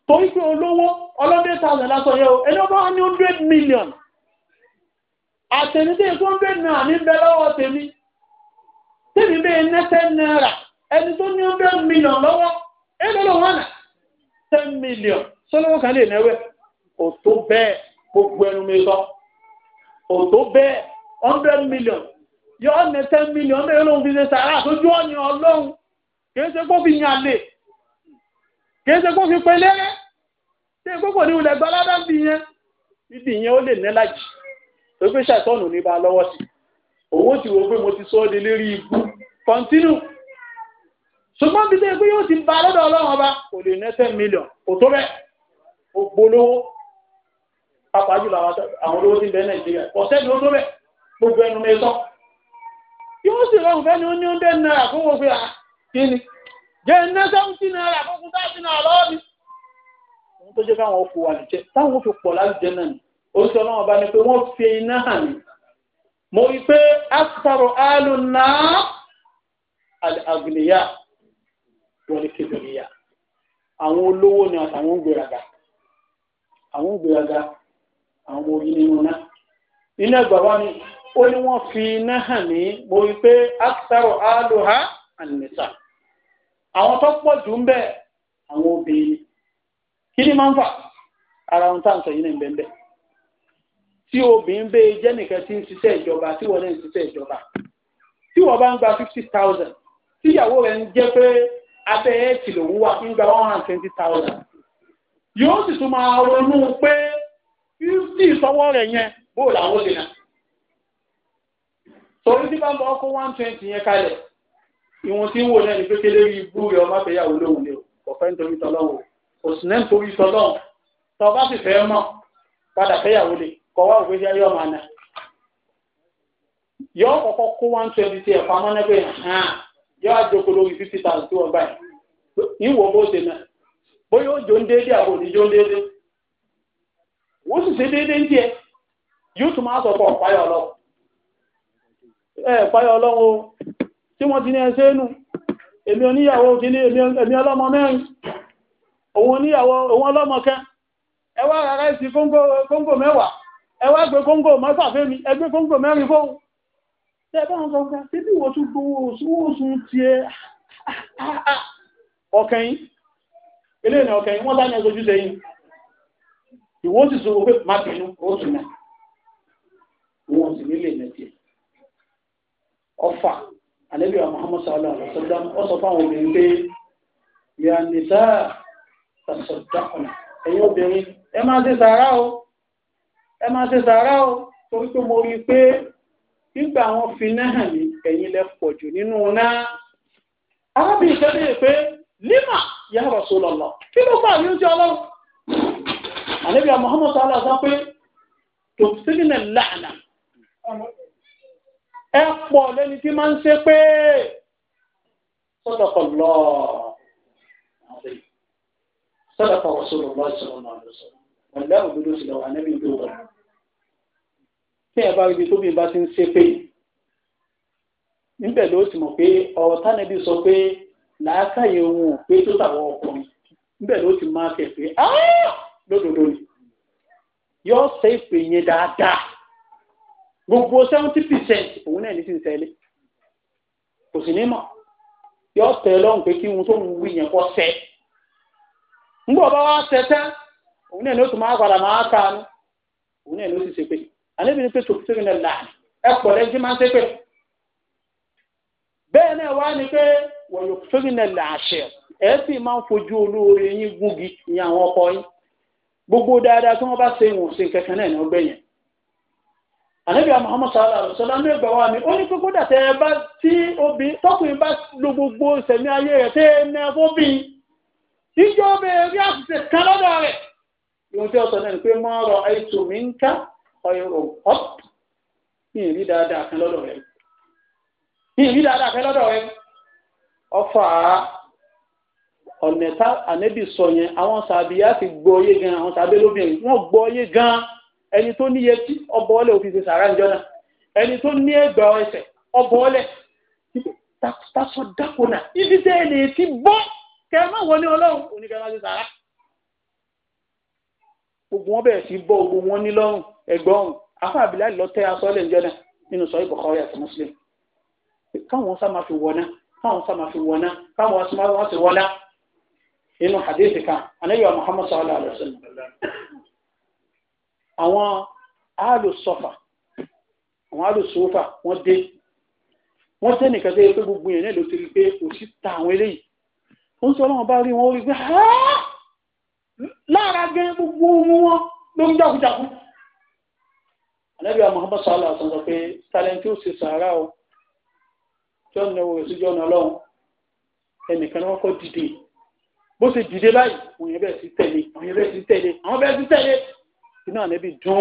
torí pé olówó ọlọ́dẹ́ thousand lásán yẹ o ẹni ọba ní hundred million. àtẹnudẹ́ tó ń bẹ nà ní bẹ lọ́wọ́ tèmi tèmi bẹ nẹ́tẹ́ náírà ẹni tó ní ó bẹ lọ́wọ́ ẹ lọ́wọ́ wọn nà ten million sọlọ́wọ́ kan lè gbogbo ẹnu mi sọ hundred million nẹ ten million bẹ́ẹ̀ lóun fi ṣe ibi yẹn ó lè nẹ́ tó gbé ṣàtọ́nù ní bá lọ́wọ́ sí owó ti wo pé mo ti sọ ọ́ di lérí ibú kọ́ntínú ṣùgbọ́n bí sẹ́yìn pé yóò ti ba lọ́dọ̀ ọlọ́run ọba kò lè ná ten million kò tó bẹ́ẹ̀ ó gbólówó pàápàá jùlọ àwọn olówó ti bẹ nàìjíríà ọ̀sẹ̀ ni ó tó bẹ́ẹ̀ gbogbo ẹnu mi sọ yóò sì rọrùn fẹ́ni ó ní oúnjẹ náírà fún wọn pé kí ni jẹ́ iná sẹ́wọ́ntì náírà fún kúndà sínú àlọ́ mi oṣù ọlọ́wọ́n bá ní pé wọ́n fi iná hàn mí mo rí pé akitaro alu náà àgbìnìyà wọlé kébìnìyà àwọn olówó ni àtàwọn gbéraga àwọn gbéraga àwọn ọmọ orí nínú náà nínú ẹgbàá wa ni ó ní wọ́n fi iná hàn mí mo rí pé akitaro alu ha ànìmẹ́ta àwọn tó pọ̀ jù ń bẹ àwọn obìnrin kí ni máa ń fà ara ohun tá à ń sọ yìí ní bẹ́ẹ̀ bẹ́ẹ̀ tí obìnrin bẹ́ẹ̀ jẹ́ nìkan tí ń ṣiṣẹ́ ìjọba tí wọ́n lè ń ṣiṣẹ́ ìjọba tí wọ́n bá ń gba fifty thousand tíyàwó rẹ̀ ń jẹ́ pé abẹ́ ẹ̀ẹ́tì lòún wà ń gba one hundred twenty thousand yóò sì tún máa ronú pé fifty sọwọ́ rẹ̀ yẹn bóò làwọn lè nà torí tí bá ń bọ́ kó one twenty yẹn kalẹ̀ ìwọ̀n tí ń wò náà ní pékélé rí ibú rẹ̀ ọmọ àfẹ́yàwó lóhùn ni ọ̀fẹ́ nítorí tọ́lọ́wọ̀ òsì náà nítorí tọ́lọ́wọ̀ tọ́ bá sì fẹ́ mọ̀ padà fẹ́yàwó lè. kọwaa òfin ṣe yọ̀ máa nà ọkọkọ kụwa one twenty ti ẹ̀fọ́ amọ́nẹ́gbẹ̀ hàn yọ àjọkọ̀ lórí fifty thousand two hundred ìwọ bó ṣe nà bóyá ya jọ ń déédéé a ní jọ ń déédéé wọ́n sì ṣe déédéé ń ya yóò tún máa sọ pọ̀ páyọ̀ ọlọ́run ẹ̀ páyọ̀ ọlọ́run o tí wọ́n ti ní ẹ wá gbé kóńgò mọ́sàfẹ́ mi ẹ gbé kóńgò mẹ́rin fóun tẹ́ bá ń sọ pé ṣé bí wọ́n tún gbowó oṣooṣù tiẹ̀ ọ̀kẹ́yìn eléyìí ọ̀kẹ́yìn wọ́n dáná ẹgbẹ́ ojúṣe yìí ìwọ́n sì sọ pé má bínú oṣù Muhammad sallallahu alaihi wa sallam ọ sọ fáwọn obìnrin pé yà nìta tàṣọ̀dá ọ̀nà ẹ̀yin obìnrin ẹ máa ṣe sàárà o ẹ máa ṣe sàárà o torí pé mo rí i pé nígbà àwọn finá hàn ní ẹ̀yin lẹ pọ̀ jù nínú náà arábìnrin kan béèrè pé lima ya Rasulullah kí ló fà ní oúnjẹ ọlọ́run àlebi Muhammad sallallahu alaihi wasallam pé tòsílẹ̀ lànà ẹ pọ̀ lẹ́ni tí máa ń ṣe pé sadaqallah sadaqar Rasulullah sallallahu alaihi wasallam ọ̀dà òdodo sì lọ́wọ́ ànábì tó wà. tí ẹ bá rí ibi tó bí n bá ti ń ṣe pé níbẹ̀ ló sì mọ̀ pé ọ̀rọ̀ tánẹ́bí sọ pé làákàyè òun ò pé tó tàwọn ọkùnrin níbẹ̀ ló ti máa kẹ̀ pé lódodo ni yọ ṣe ìpè yẹn dáadáa gbogbo seventy percent òun náà ní ti ń ṣẹlẹ̀ kò sì ní mọ̀ yọ tẹ̀ lọ́hùn pé kí n tó ń wí yẹn kọ́ sẹ́ ńgbọ́ bá wá ṣẹ́ òun náà ló tún máa padà máa kánú òun náà ló sì ṣe pé àlébi ni pé tòkítìrì náà là ẹ pọ̀ lẹ́yìn tí máa ń ṣe pé bẹ́ẹ̀ náà wá ni pé wọ̀nyí tòkítìrì náà là àṣẹ ẹ sì máa fojú olóore yín gúngi ní àwọn ọkọ yín gbogbo dáadáa tí wọ́n bá ṣe ìwọ̀n sí kankan náà ní ọgbẹ́ yẹn ànábì Muhammad sallallahu alaihi ní ẹgbẹ̀ wa ni ó ní kókó dàtẹ́ ẹ bá tí obì tọkùnrin bá lo gbogbo ìṣẹ̀mí ayé rẹ̀ tẹ́ ẹ náà fóbìn ìjọba ẹ̀rí àṣìṣe kan lọ́dọ̀ rẹ̀ ìwọ̀n tí ọ̀sán náà ni pé mọ́ ọ̀rọ̀ àìsàn mi ń ká ọ̀rọ̀ ọ̀p ní ìrí dáadáa kan lọ́dọ̀ rẹ̀ ní ìrí dáadáa kan lọ́dọ̀ rẹ̀ ọfà ọ̀nà tá ànẹ́bì sọ yẹn àwọn sàbíyá ti gbọ́ yé gan àwọn sàbẹ́ lóbìnrin wọ́n gbọ́ yé gan ẹni tó níye tí ọbọ̀ ọlẹ̀ òfin ṣe sàrà ìjọ náà ẹni tó ní ẹgbà ẹsẹ̀ ọbọ̀ ọlẹ̀ tásọ dákúnà ibi tẹ́ ẹ lè ti bọ́ kẹ́ ẹ má wọlé ọlọ́run oníkẹ́ má ṣe sàrà gbogbo wọn bẹ̀rẹ̀ sí bọ́ gbogbo wọn ní lọ́rùn ẹ̀gbọ́n afọ àbílá lọ tẹ́ aṣọ lẹ̀ níjọ́ náà nínú sọ Bukhari àti Muslim káwọn sá máa fi wọná káwọn sá máa fi wọná káwọn sá máa fi wọná nínú hadith kan anáyọ̀ Muhammad sallallahu alayhi wa sallam àwọn alùsọ̀fà àwọn alùsọ̀fà wọ́n dé wọ́n tẹ́ nìkan tẹ́ pé gbogbo yẹn náà ló ti rí pé kò sí ta àwọn eléyìí ó ń sọ ọlọ́run bá rí wọn rí pé háà lára gẹ́ gbogbo ohun wọn ló ń jákujáku. àlẹ́bí Muhammad sallallahu alaihi wasallam pé tálẹ́ntì ó ṣe sàárà o jọ́nù náà wòye sí jọ́nù ọlọ́run ẹnìkan ni wọ́n kọ́ dìde bó ṣe dìde báyìí wọ́n yẹn bẹ́ẹ̀ sí tẹ̀lé wọ́n yẹn bẹ́ẹ̀ sí tẹ̀lé àwọn bẹ́ẹ̀ sí tẹ̀lé iná àlẹ́bí dùn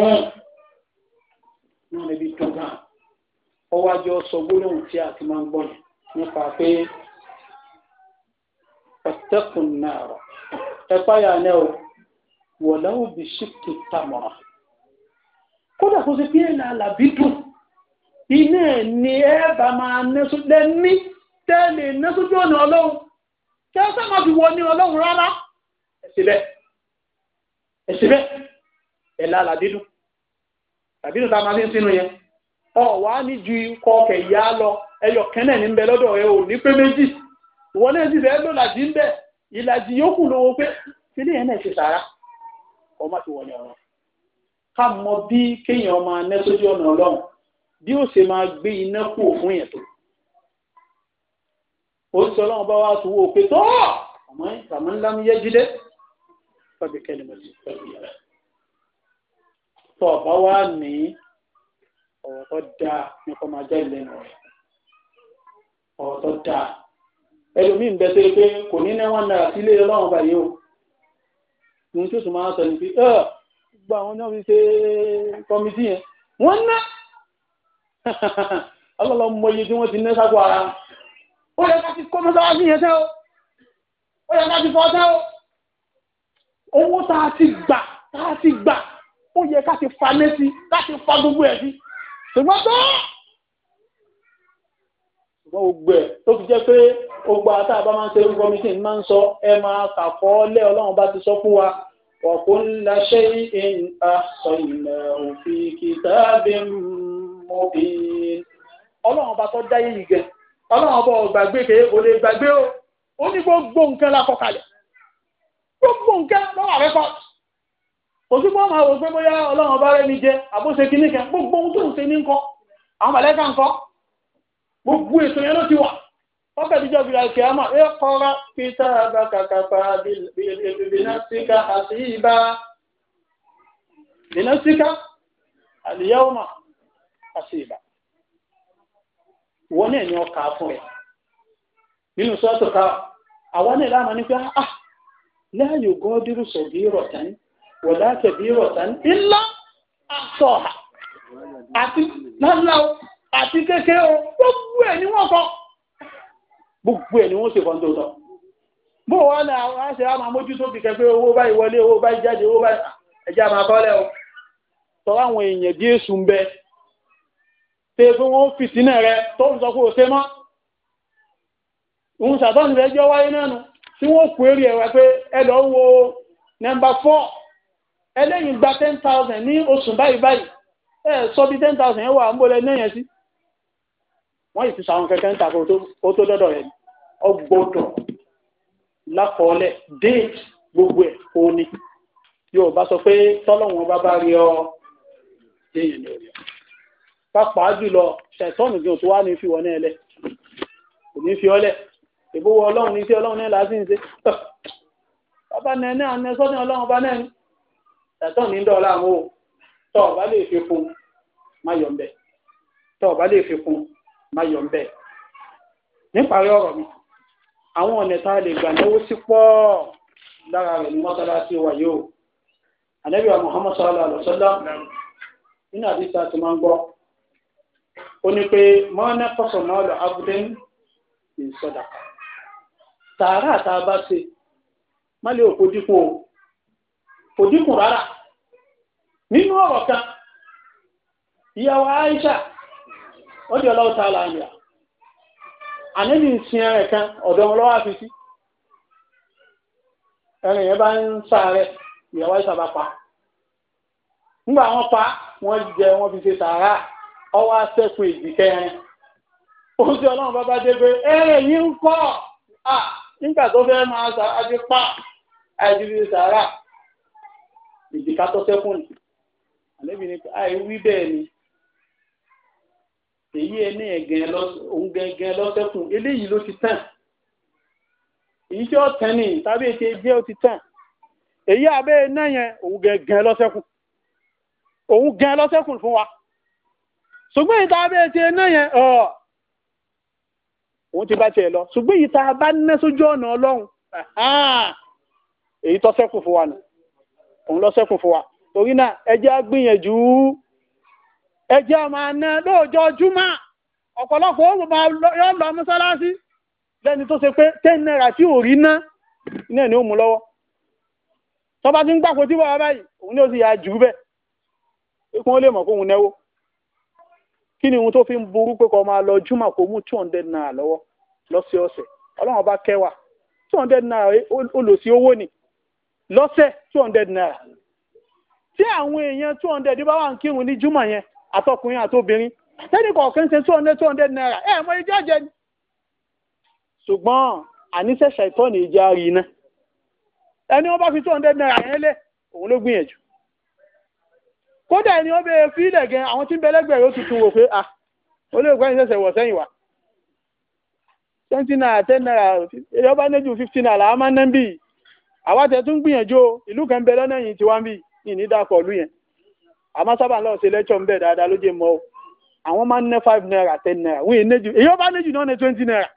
iná àlẹ́bí dùn gan ọwọ́ ajé ọsọ gbólóhùn tí a ti máa ń gbọ́ nípa pé ọ̀tẹ́kùn náà rọ̀ ẹ̀páyà náà o wọ̀láwù bí ṣíkì tàmọ̀rà kódà kó ṣe pé ẹ̀ là làbí dùn iná ẹ̀ ni ẹ bá máa nẹ́sùn lẹ́ní tẹ́lẹ̀ nẹ́sùn tí ó ní ọlọ́run tẹ́lẹ̀ sẹ́ máa fi wọ ní ọlọ́run rárá ẹ̀sìn bẹ́ẹ̀ ẹ̀sìn bẹ́ẹ̀ ẹ̀ là làbí dùn tá a máa fi ń sínú yẹn ọ wà á ní ju ikọ̀ ọkẹ̀ lọ ẹyọ kẹ́nẹ̀ ní ń bẹ lọ́dọ̀ ẹ ò ní pé méjì ìwọ náà sì fẹ́ lò ń bẹ́ẹ̀ ìlàjì yókù lówó pé sílé yẹn náà ṣe sàárà ọmọ ti wọlé ọ̀rọ̀ ká mọ bí kéèyàn máa ná sójú ọ̀nà ọlọ́run bí ó ṣe máa gbé iná kú òfun yẹn tó oṣù ọlọ́run bá wá tó wó pé tó ọmọ ìtàmọ́ ńlá ń yẹ́jílé fẹ́bi kẹ́lẹ́mẹ́sì fẹ́bi yàrá tó ọ̀bá wá ní ọ̀rọ̀ tó dáa nípa máa jẹ́ ìlẹ́nu rẹ̀ ọ̀rọ̀ tó dáa ẹlòmíì ń bẹ sí pé kò ní náwó náírà sílé ọlọ́run báyìí o ohun tó sùn máa sọ ni pé ẹ gba àwọn náà fi ṣe kọmitì yẹn wọ́n ná (laughs) ọlọ́lọ́ mọ iye tí wọ́n ti ná sápò ara ó yẹ ká ti kọ́ mọ́sáwá sí yẹn tẹ́ o ó yẹ ká ti fọ́ tẹ́ o owó tá a ti gbà tá a ti gbà ó yẹ ká ti fa lé sí ká ti fa gbogbo ẹ̀ sí ṣùgbọ́n tó ṣùgbọ́n gbogbo ẹ̀ tó fi jẹ́ pé gbogbo àtà bá máa ń ṣe orúkọ mi sì máa ń sọ ẹ máa kàkọ́ lẹ́ ọlọ́run bá ti sọ fún wa ọ̀kún láṣẹ ìhìnàṣọ ìlẹ̀ òfin kìtàbí mọ́bí. ọlọ́run bá tọ́ dáyé yìí gẹ̀ ọlọ́run bá gbàgbé pé o lè gbàgbé o ó ní gbogbo nǹkan lákọ̀ọ́kalẹ̀ gbogbo nǹkan lọ́wọ́ rẹ̀ kọ́ òsì fún ọmọ òsì pé bóyá ọlọ́run bá rẹ̀ mi jẹ àbóṣe kìnnìkan gbogbo ohun tó ń ṣe ní ńkọ́ àwọn mọ̀lẹ́kà ńkọ́ gbogbo ètò yẹn ló ti wà ọkọ̀ ìdíjọ́ ìgbìyà ìkẹ́ àmọ́ ẹ kọ́ra peter abakakapa binasika àti ibà binasika àlìyáwòmà àti ibà wọ́n náà ọkà fún ẹ nínú sọ́ọ̀tù ká àwọn náà láàmú ní pé ah wọ̀dá ńlá àti lálá àti kékeré o gbogbo ẹ̀ ni wọ́n kọ́ gbogbo ẹ̀ ni wọ́n ṣe kọ́ tó sọ bó wà ní àwọn àṣẹ àmà mójútó ti kẹfẹ́ owó báyìí wọlé owó báyìí jáde owó báyìí ẹjẹ́ àmà kọ́lẹ̀ o sọ àwọn èèyàn bí èṣù ń bẹ ṣe fún wọn fìtínà rẹ tó ń sọ pé o ṣe mọ́ òun ṣàtọ́nù rẹ jẹ́ wáyé náà nù tí wọ́n kú èrè ẹ̀wẹ̀ pé ẹ lọ wo nọ́mbà four ẹlẹ́yìn gba ten thousand ní oṣù báyìí báyìí ẹ sọ bí ten thousand yẹn wà ń bọ́lẹ̀ náà yẹn sí wọ́n sì ti sọ àwọn kẹ̀kẹ́ ń tako ó tó dọ́dọ̀ rẹ̀ ọgbọ́dọ̀ lákọọ́lẹ̀ déètì gbogbo ẹ̀ kò ní yóò bá sọ pé tọ́lọ́wọ́n bá bá rí ọ déèyàn ní orí ọ pàápàá jùlọ ṣàìtọ́nù gan tó wá ní fi wọnà ẹlẹ kò ní fi ọlẹ ìbówó ọlọ́run ní tí ọlọ́run náà lásìí ṣe bàbá náà náà ní sọ́dún ọlọ́run bá náà ní ṣàìtọ́nù ní dọ́ọ̀lá àwọn ò tọ́ ọ̀bá lè fi kún má yọ̀ ń bẹ̀ tọ́ ọ̀bá lè fi kún má yọ ń bẹ̀. níparí ọ̀rọ̀ mi àwọn ọ̀nà tá a lè gbà náwó sí pọ̀ lára rẹ̀ ní mọ́sálásí wa yóò ànábì wa Muhammad sallallahu alaihi wa sallam nínú àdìsá tó máa ń gbọ́ ó ní pé mọ́nà kọ́sọ̀ náà lọ abúlé ní sọ́dàkà tààrà tá a bá ṣe má lè òkú dínkù o kò dínkù rárá nínú ọ̀rọ̀ kan ìyàwó Aisha ó di ọlọ́wọ́ tààlà àmìlà ànẹ́bì ń sin ẹrẹ̀ kan ọ̀dọ̀ wọn lọ́wọ́ àfisí ẹrẹ̀ yẹn bá ń sàárẹ̀ ìyàwó ìsàbà pa nígbà wọn pa wọn jẹ wọn fi ṣe sàárà ọwọ́ àṣẹkù ìdí kẹrin ó sì ọlọ́run bàbá dé pé ẹrẹ̀ yìí ń kọ́ nígbà tó fẹ́ máa sàárà ti pa àìdíbi sàárà ìdíkà tó sẹ́kùn ànẹ́bì ni àìwí bẹ́ẹ̀ ni èyí ẹni ẹ̀gẹ̀ òun gẹ̀gẹ̀ lọ́sẹ̀kùn eléyìí ló ti tàn èyí tí ó tàn ní tàbí ètò ẹgbẹ́ ó ti tàn èyí abẹ́ iná yẹn òun gẹ̀gẹ̀ lọ́sẹ̀kùn òun gẹ̀ lọ́sẹ̀kùn fún wa ṣùgbọ́n ìta abẹ́ ètò iná yẹn ọ̀ òun ti bá tiẹ̀ lọ ṣùgbọ́n ìta bá ná sójú ọ̀nà ọlọ́run èyí tọ́sẹ̀kùn fún wa nù òun lọ́sẹ̀kùn fún wa torí náà ẹ jẹ́ gbìyànjú ẹjẹ́ ọmọ aná lóòjọ́ júmọ́ ọ̀pọ̀lọpọ̀ ó máa yọ lọ mọ́sálásí lẹ́ni tó ṣe pé ten naira tí ò rí ná iná ni ó mú lọ́wọ́ tọ́ba ti ń gbàpò tí wọ́n báyìí òun ni ó sì yà jù bẹ́ẹ̀ pé kí wọ́n lè mọ̀ kó òun náwó kí ni ohun tó fi ń burú pé kó máa lọ júmọ̀ kó mú two hundred naira lọ́wọ́ lọ́sẹ̀ọ̀sẹ̀ ọlọ́run bá kẹwàá two hundred naira olùsí owó ni lọ́sẹ̀ two hundred naira tí àwọn èèyàn two hundred bá wà ń kírun ní júmọ̀ yẹn àtọkùnrin àtobìnrin tẹ́nì kọ̀ọ̀kan ṣe two hundred two hundred naira ẹ̀ mọ ijó jẹ ni. ṣùgbọ́n àníṣẹ̀ṣẹ̀ ìtọ́ni ìjà rí iná ẹni wọ́n bá fi two hundred naira yẹn lé òun ló gbìyànjú. kódà ẹni wọ́n bẹ̀rẹ̀ fílẹ̀ gan àwọn tí ń bẹ́lẹ́gbẹ̀ẹ́ yóò tuntun wò pé à olóògbé ẹni ṣẹ̀ṣẹ̀ wọ̀ sẹ́yìn wá. twenty naira ten naira èyí ọba ní ju fifteen naira a máa ń ná bí àwa tẹ̀ tún gbìyànjú ìlú kan bẹ lọ́nà yìí tiwa ń bí ìní dàpọ̀ ọ̀lú yẹn àmọ́ sábà lọ́ọ̀ ṣe lẹ́tọ̀ ńbẹ̀ dáadáa ló jẹ́ mọ́ o àwọn máa ń ná five naira ten naira wọ́n yìí néjì èyí ó bá náà ní twenty naira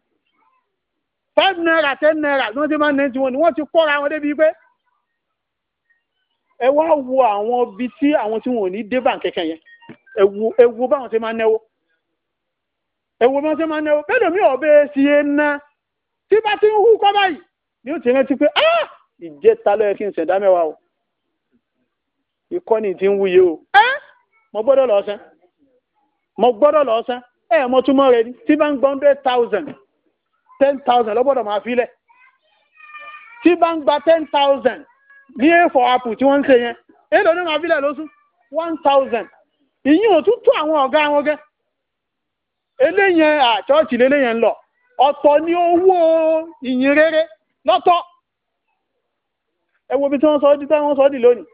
five naira ten naira ni wọ́n ti máa ń nẹ́jì wọn ni wọ́n ti kọ́ra wọn débi pé ẹ wá wo àwọn ibi tí àwọn tí wọn ò ní dé bá kẹ̀kẹ́ yẹn ẹ wo ẹ wo báwọn ṣe máa náwó ẹ wo báwọn ṣe máa náwó bẹ́ẹ̀ lómi ọ̀bẹ ṣì é ná tí bá ti ń hú kọ́ báyìí ni ó ti rántí pé ah ìjẹ́ta ló kí n ṣẹ̀dá mẹ́wàá o ìkọ́ni ti ń wúye o ẹ́ mo gbọ́dọ̀ lọ sẹ́ mo gbọ́dọ̀ lọ sẹ́ ẹ̀ mo túmọ̀ rẹ ni tí bá ń gbọ́ hundred thousand ten thousand lọ́gbọ́dọ̀ máa fi lẹ̀ tí bá ń gba ten thousand ní èèfọ̀ apù tí wọ́n ń ṣe yẹn èèdò ní máa fi lẹ̀ lóṣù one thousand ìyín ò tún tó àwọn ọ̀gá wọn gẹ́ eléyẹn àchọ́ọ̀chì lélẹ́yẹn ń lọ ọ̀tọ̀ ni owó ìyìn rere lọ́tọ̀ ẹ wo bí tí wọ́n sọ ọ́ di tí wọ́n sọ ọ́ di lónìí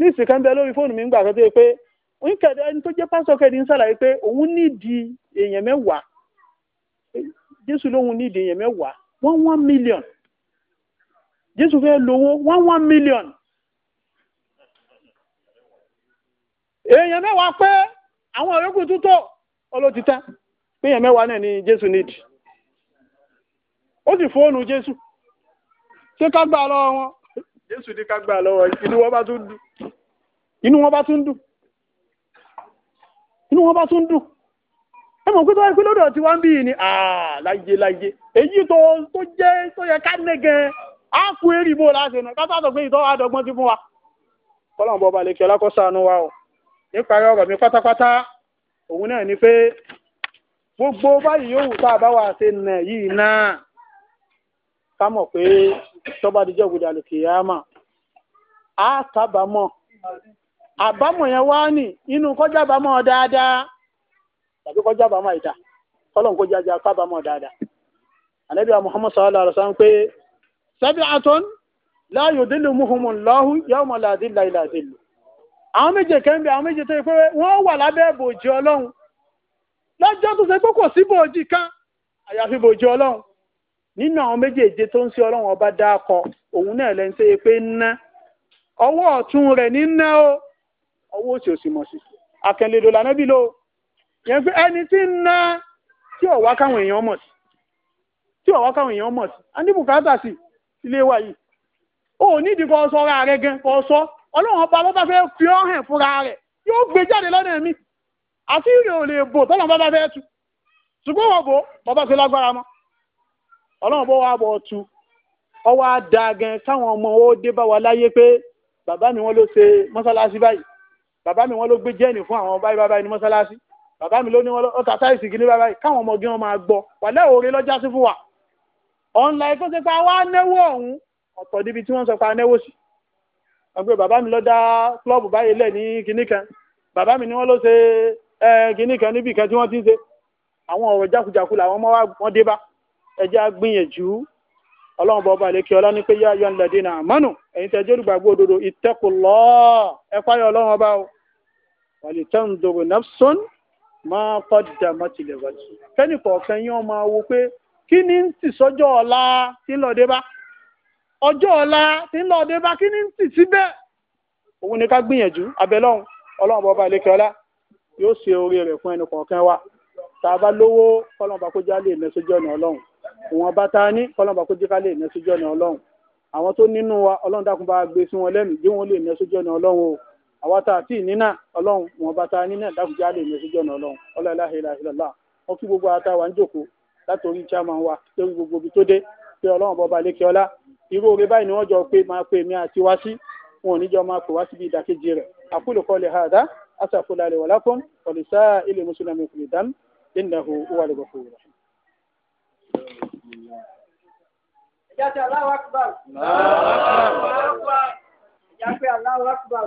ní ìsìnká ń bẹ lórí fóònù mi ń gbà kan tó yẹ pé oníkẹ̀dẹ̀ ẹni tó jẹ́ pásítọ̀ kẹ́ni ń ṣàlàyé pé òun nídìí èèyàn mẹ́wàá jésù lóhun nídìí èèyàn mẹ́wàá one one million jésù fẹ́ lówó one one million èèyàn mẹ́wàá pé àwọn ọ̀rẹ́kùn tútọ̀ ọlọ́títà pé èèyàn mẹ́wàá náà ni jésù nídìí ó sì fóònù jésù ṣé ká gbà lọ́wọ́ wọn jésù ní ká gbà lọ́wọ́ ìlú bá tún dùn inú wọn bá tún dùn inú wọn bá tún dùn ẹ mọ̀ pé tó yẹ pé lọ́dọ̀ tí wọ́n ń bí ni láyé láyé èyí tó tó jẹ́ tó yẹ ká ní gan á kú èrì bó láti nà ká sàtọ̀ pé ìtọ́ àdọ́gbọ́n ti fún wa kọ́lọ̀ bọ́ balẹ̀ kí ọlákọ́sàánú wa o níparí ọ̀rọ̀ mi pátápátá òun náà ni pé gbogbo báyìí yóò wù tá a bá wà ṣe nà yìí náà ká àbámọ̀ yẹn wá nì inú kọjá àbámọ̀ dáadáa tàbí kọjá àbámọ̀ àìdá kọlọ̀ kọjá àjà kábàámọ̀ dáadáa ànábì pé àwọn méje àwọn méje tó yẹ pé wọ́n wà lábẹ́ bòjì ọlọ́run lọ́jọ́ tó ṣe pé kò sí bòjì kan àyàfi bòjì ọba òun náà pé ń ná ọwọ́ ọ̀tún rẹ̀ ní o ọwọ́ òsì òsì mọ̀ sí akẹ́lẹ́dò lànàbí lò yẹn pé ẹni tí ń ná tí ọ̀wá káwọn èèyàn mọ̀ sí tí ọ̀wá káwọn èèyàn mọ̀ sí a ní bùkátà sí ilé wa yìí ó nídìí kọ́ sọ ra rẹ gan kọ́ sọ ọlọ́run ọba bá bá fẹ́ fi ọ́ hàn fúnra rẹ̀ yóò gbé jáde lọ́nà mi àti ìrìn ò lè bò tọ́lọ̀ bá bá fẹ́ tu ṣùgbọ́n wọ́n bò bàbá ṣe lágbára mọ́ ọlọ́run bó wá bọ̀ tu ọwọ́ á da gan káwọn ọmọ ó dé bá wa láyé pé bàbá mi wọ́n ló ṣe mọ́sálásí báyìí bàbá mi wọ́n ló gbé jẹ́ẹ̀nì fún àwọn báyìí báyìí ní mọ́sálásí bàbá mi ló ní wọ́n lọ́ta táìsì kìíní báyìí káwọn ọmọge wọn máa gbọ́ wàlẹ́ òre lọ́jà sí fún wa ọ̀nlá ikú ti pa wá náwó ọ̀hún ọ̀tọ̀ níbi tí wọ́n sọ pa náwó sí ọgbẹ́ bàbá mi lọ dá klọ́ọ̀bù báyìí lẹ̀ ní kinní kan bàbá mi ni wọ́n ló ṣe kinní kan níbì kan tí wọ́n ti ń ṣe àwọn ọ̀rọ̀ jákujàku làwọn ọmọ wa wọ́n dé bá ẹ jẹ́ á ọlọ́run bọ́ ọba àlékè ọlá ní pé yá ayọ́ ńlẹ̀dí náà àmọ́nù ẹ̀yin tẹ́jọ́ olùgbàgbọ́ òdodo ìtẹ́kùlọ́ ẹ páyọ̀ ọlọ́run ọba o wàlẹ̀ tẹ́ ń dòrò nafson máa kọ́dà mọ́tìlẹ̀ wájú kẹ́nì kọ̀ọ̀kan kini ọmọ wo pé kí ni ń tì sọ́jọ́ ọ̀la tí ń lọ dé bá tí lọ dé bá ni ń tì òun ni ká gbìyànjú ìwọ̀n bá ta ní kọ́lọ́mbà kó jẹ́ ká lè ná sójú ọ̀nà ọlọ́run àwọn tó nínú wa ọlọ́run dákun bá gbé sí wọn lẹ́mìí bí wọ́n lè ná sójú ọ̀nà o àwa tá a tí ì nínà ọlọ́run ìwọ̀n bá ta ní náà dákun já lè ná sójú ọ̀nà ọlọ́run ọlọ́run la ilaha illallah wọn kí gbogbo ata wa ń jòkó látòrí chairman wa lórí gbogbo ibi tó dé pé ọlọ́run bọ́ba lékè ọlá irú oore báyìí ni wọ́n jọ pé máa pè mí àti wá sí wọn ò ní jọ máa pè wá síbi ìdàkejì rẹ̀ aqulu qawli hadha astaghfirullahi li wa lakum wa lisa'ilil muslimina min kulli dhanbin innahu huwal ghafur Ìjà ti Allahu Akbar. Ìjà pé Allahu Akbar.